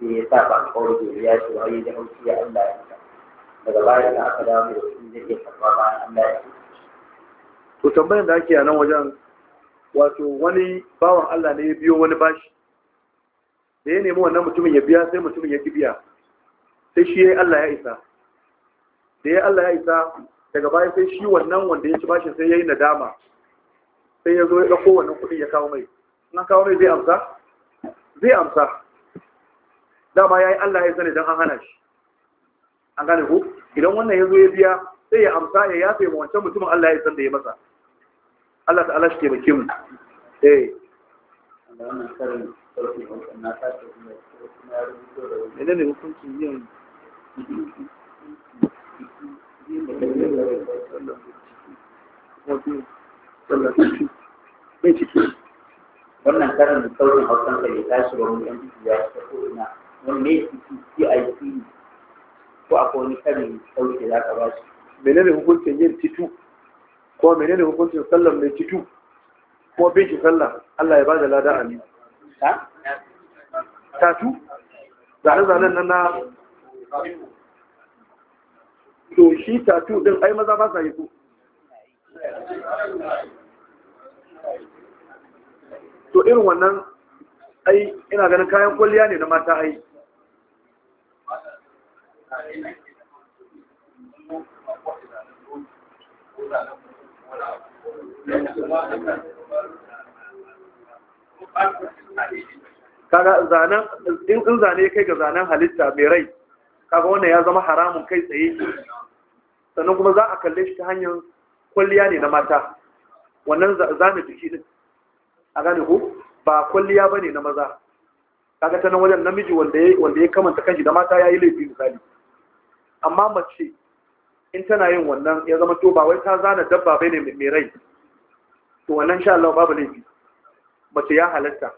sai ya saba alƙawari da ya ce wa da haushi ya Allah ya ta daga baya da aka dawo da shi zai iya karɓa bayan Allah ya to tambayar da ake a nan wajen wato wani bawan Allah ne ya biyo wani bashi da ya nemi wannan mutumin ya biya sai mutumin ya ki biya sai shi ya yi Allah ya isa da ya Allah ya isa daga baya sai shi wannan wanda ya ci bashin sai ya yi nadama sai ya zo ya ɗauko wannan kuɗi ya kawo mai in kawo mai zai amsa zai amsa dama ya yi Allah ya sani don an hana shi an gane ku idan wannan ya zo ya biya sai ya amsa ya yafe ma wancan mutumin Allah ya san da ya masa Allah ta'ala shi ke bakin mu eh idan ne hukuncin yin wannan karin sauran hausanka ya tashi ba mun yan ya ta ko ina wanne ciki cip ko a wani karin sauke za ka ba su, shi menene hukuncin yin titu ko menene hukuncin sallan mai titu ko bin shi sallah Allah ya bada lada a ni ha tatu zane zanen nan na to shi tatu din ai maza ba sa yi ko to irin wannan ai ina ganin kayan kwalliya ne na mata ai kaga zanen in in zane kai ga zanen halitta mai rai kaga wannan ya zama haramun kai tsaye sannan kuma za a kalle shi ta hanyar kwalliya ne na mata wannan zane jiki din a gane ko ba kwalliya ba ne na maza kaga ta nan wajen namiji wanda ya kamanta kan kamanta kanshi da mata yi laifi misali amma mace in tana yin wannan ya zama to ba wai ta zana dabba bai ne mai rai to wannan sha Allah babu laifi mace ya halatta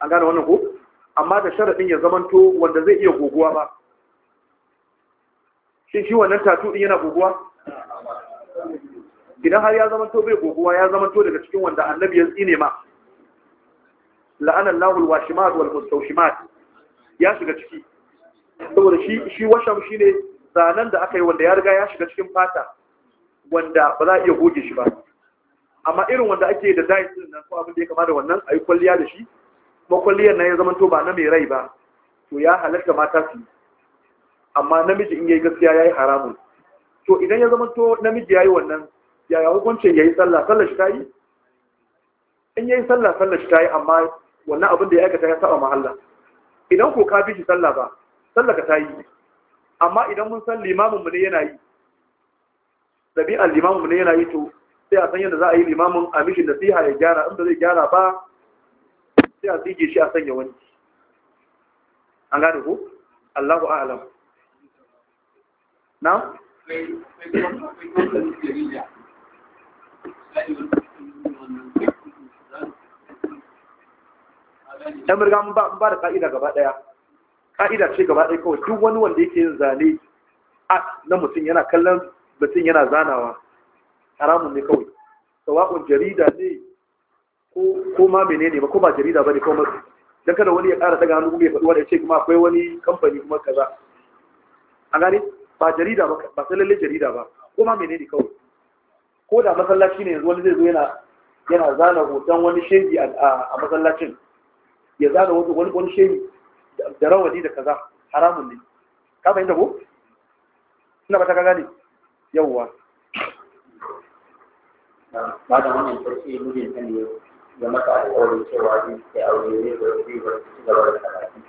an gane wannan ko amma da sharadin ya zama to wanda zai iya goguwa ba shin shi wannan tatu din yana goguwa idan har ya zama to bai goguwa ya zama to daga cikin wanda annabi ya tsine ma la'anallahu alwashimat walmustawshimat wal ya shiga ciki saboda shi shi washam zanen da aka yi wanda ya riga ya shiga cikin fata wanda ba za a iya goge shi ba amma irin wanda ake da zai su nan ko abin da ya kama da wannan yi kwalliya da shi kuma kwalliyar nan ya zama to ba na mai rai ba to ya halatta mata su amma namiji in yayi gaskiya yayi haramun to idan ya zama to namiji yayi wannan yaya hukuncin yayi sallah sallah shi tayi in yayi sallah sallah shi tayi amma wannan abin da ya aikata ya saba mahalla idan ko ka bi shi sallah ba sallaka ta yi amma idan mun san limamin mu ne yana yi al limamin mu ne yana yi to sai a san yadda za a yi limamin a mishi nasiha ya gyara inda zai gyara ba sai a tsige shi a sanya wani an gane ko Allahu a'lam na ɗan birga mun ba da ka'ida gaba ɗaya. ka'ida ce gaba ɗaya kawai duk wani wanda yake yin zane a na mutum yana kallon mutum yana zanawa haramun ne kawai sawa'un jarida ne ko ma menene ba ko ba jarida ba ne kawai don kada wani ya ƙara daga hannu kuma ya faɗi wani ya ce kuma akwai wani kamfani kuma kaza a gane ba jarida ba ba sai lalle jarida ba ko ma menene kawai ko da masallaci ne yanzu wani zai zo yana yana zana hoton wani shehi a masallacin ya zana wani wani shehi da rawani da kaza haramun ne ka fahimta ko ina ba ta gane yawwa ba da wannan sarki mijin ta ne ya maka alƙawarin cewa zai sai aure ne bar zai bar su gaba da karatu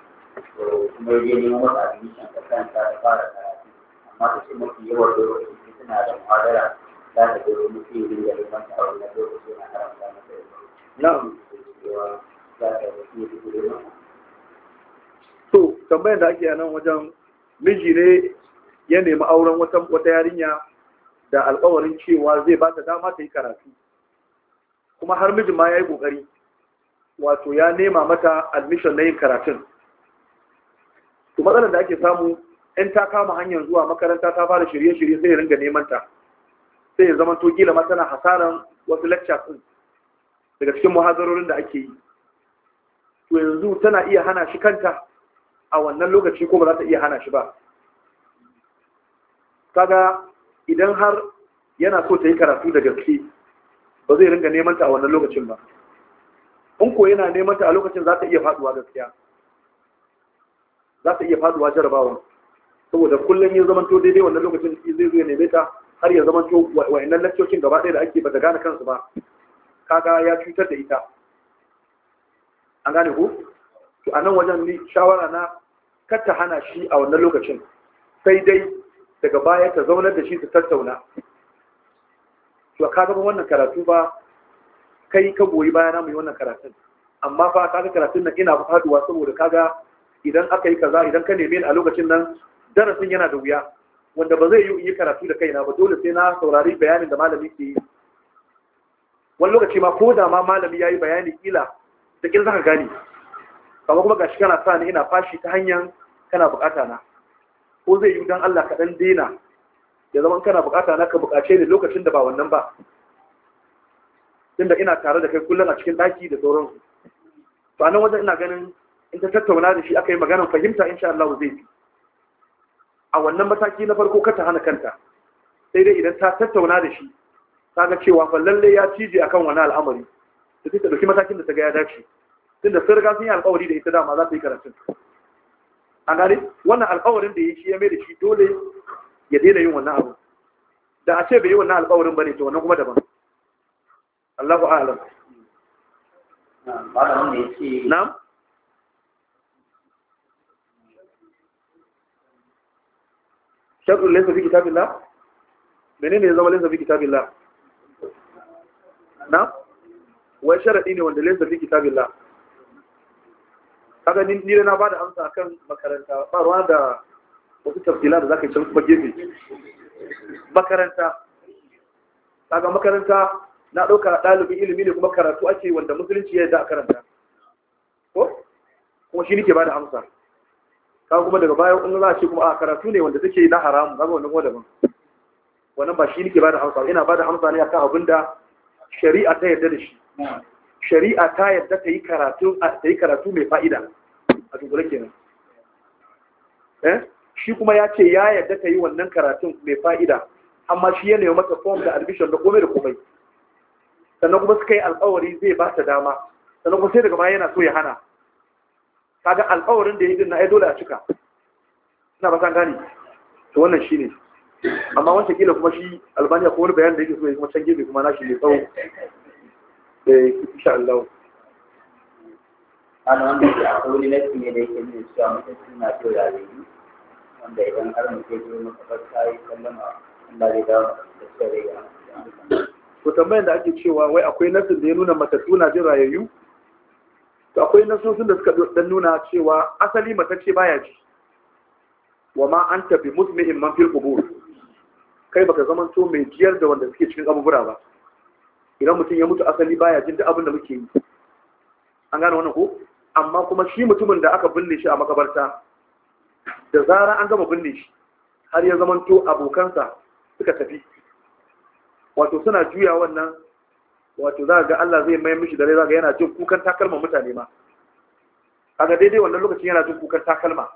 kuma ya nemo maka admission ta, kanta ta da fara karatu amma ta ce mafi yawan lokaci suna da muhadara za ta ga wani fiye da neman ta aure na lokaci na karanta masa da na'am cewa za ta yi fiye da So, tambayar da ake nan wajen miji ne ya nemi auren wata yarinya da alkawarin cewa zai ba ta dama ta yi karatu kuma har mijin ma ya yi ƙoƙari wato ya nema mata admission na yin karatun to matsalar da ake samu in ta kama hanyar zuwa makaranta ta fara shirye-shirye sai ringa neman ta sai ya zama toki kila ma tana hasaran wasu lectures din daga cikin muhazarorin da ake yi to yanzu tana iya hana shi kanta a wannan lokaci ko ba za ta iya hana shi ba kaga idan har yana so ta yi karatu da gaske ba zai ringa neman ta a wannan lokacin ba in ko yana neman ta a lokacin za ta iya faduwa gaskiya za ta iya faduwa jarabawa saboda kullum ya zamanto daidai wannan lokacin zai zo ya neme ta har ya zamanto wa'annan lakcocin gaba ɗaya da ake ba ta gane kansu ba kaga ya cutar da ita an gane ku to a nan wajen ni shawara na kar hana shi a wannan lokacin sai dai daga baya ta zaunar da shi ta tattauna to ka zama wannan karatu ba kai ka goyi baya na mu wannan karatun amma fa ka ga karatun nan ina faduwa saboda kaga idan aka yi kaza idan ka nemi ni a lokacin nan darasin yana da wuya wanda ba zai yi yi karatu da kaina ba dole sai na saurari bayanin da malami ke yi wani lokaci ma ko da ma malami ya yi bayani kila da kin zaka gane kamar kuma gashi kana sa ni ina fashi ta hanyar kana bukata na ko zai yi dan Allah kaɗan daina ya zama kana bukata na ka bukace ni lokacin da ba wannan ba tunda ina tare da kai kullum a cikin daki da sauransu to anan wajen ina ganin in ta tattauna da shi aka yi maganar fahimta insha Allah zai fi a wannan mataki na farko ka ta hana kanta sai dai idan ta tattauna da shi ta ga cewa fa lalle ya cije akan wani al'amari ta ta dauki matakin da ta ga ya dace tun da sun sun yi alkawari da ita dama za ta yi karatun an gari wannan alkawarin da ya shi ya mai da shi dole ya daina yin wannan abu da a ce bai yi wannan alkawarin ba ne to wannan kuma daban Allahu a'lam na'am sharrun laysa fi menene ya zama laysa fi la? na wai sharadi ne wanda lesa fi la. kaga ni ne na bada amsa akan makaranta ba ruwa da wasu tafsila da zaka yi can kuma gefe makaranta kaga makaranta na ɗauka dalibi ilimi ne kuma karatu ake wanda musulunci ya yi a karanta ko kuma shi nake bada amsa kaga kuma daga baya in za a ce kuma a ah, karatu ne wanda take na haramu kaga wannan kuma daban wannan ba shi nake bada amsa ina bada amsa ne akan abin da shari'a ta yarda da shi shari'a ta yarda ta yi karatu mai fa'ida a dubura kenan eh shi kuma ya ce ya yadda ta yi wannan karatun mai fa'ida amma shi ya nemi mata form da admission da komai da komai sannan kuma suka yi alkawari zai ba ta dama sannan kuma sai daga baya yana so ya hana kaga alkawarin da ya yi na ai dole a cika ina ba san gani to wannan shine amma wancan kila kuma shi albaniya ko wani bayan da yake so ya kuma can gefe kuma nashi mai tsawo eh insha Allah ana wanda ke akwai wani nasi ne da yake nuna cewa mutum suna so ya rayu wanda idan har mutum ya zo maka barka ya sallama Allah zai dawo da cewa ya to tambayar da ake cewa wai akwai nasin da ya nuna matattu na jin rayayyu to akwai nasosin da suka dan nuna cewa asali matacce baya ji wa ma an tafi musmi'in man fil qubur kai baka zaman to mai jiyar da wanda suke cikin abubura ba idan mutum ya mutu asali baya jin da abin da muke yi an gane wannan ko amma kuma shi mutumin da aka binne shi a makabarta da zara an gama binne shi har ya zamanto abokansa suka tafi wato suna juya wannan wato za ga Allah zai mai mishi dare za ga yana jin kukan takalma mutane ma kaga daidai wannan lokacin yana jin kukan takalma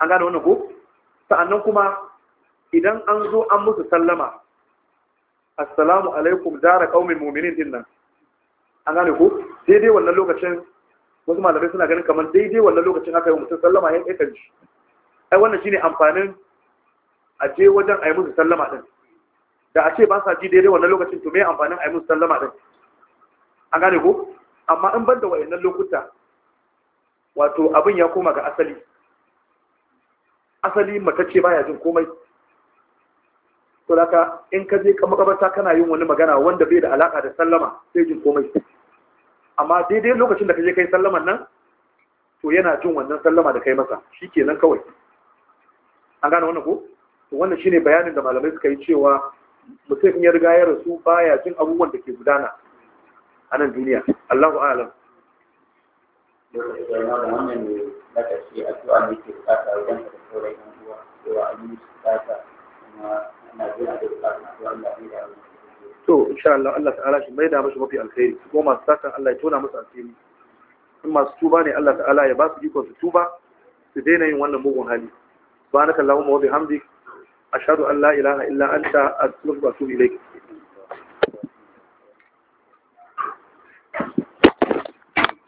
an gane wannan ko sa'annan kuma idan an zo an musu sallama assalamu alaikum dara qaumin mu'minin dinnan. an gane ko daidai wannan lokacin wasu malamai suna ganin kamar daidai wannan lokacin haka yi mutum sallama ya kan shi ai wannan shine amfanin a je wajen ayi musu sallama din da a ce ba sa ji daidai wannan lokacin to me amfanin ayi musu sallama din an gane ko amma in banda wayannan lokuta wato abin ya koma ga asali asali matacce baya jin komai to laka in ka je kamar makabarta kana yin wani magana wanda bai da alaka da sallama sai jin komai amma daidai lokacin da ka je kai sallaman nan to yana jin wannan sallama da kai masa shi ke nan kawai an gane wannan ko wannan shine bayanin da malamai suka yi cewa mutum ya riga ya rasu baya jin abubuwan da ke gudana a nan duniya Allahu a'lam cewa an yi su kuma ana ya to insha Allah Allah ta'ala shi maida mashi mafi alkhairi ko masu sakan Allah ya tona musu asiri in masu tuba ne Allah ta'ala ya ba su iko su tuba su daina yin wannan mugun hali subhanaka allahumma wa bihamdik ashhadu an la ilaha illa anta astaghfiruka wa atubu ilayk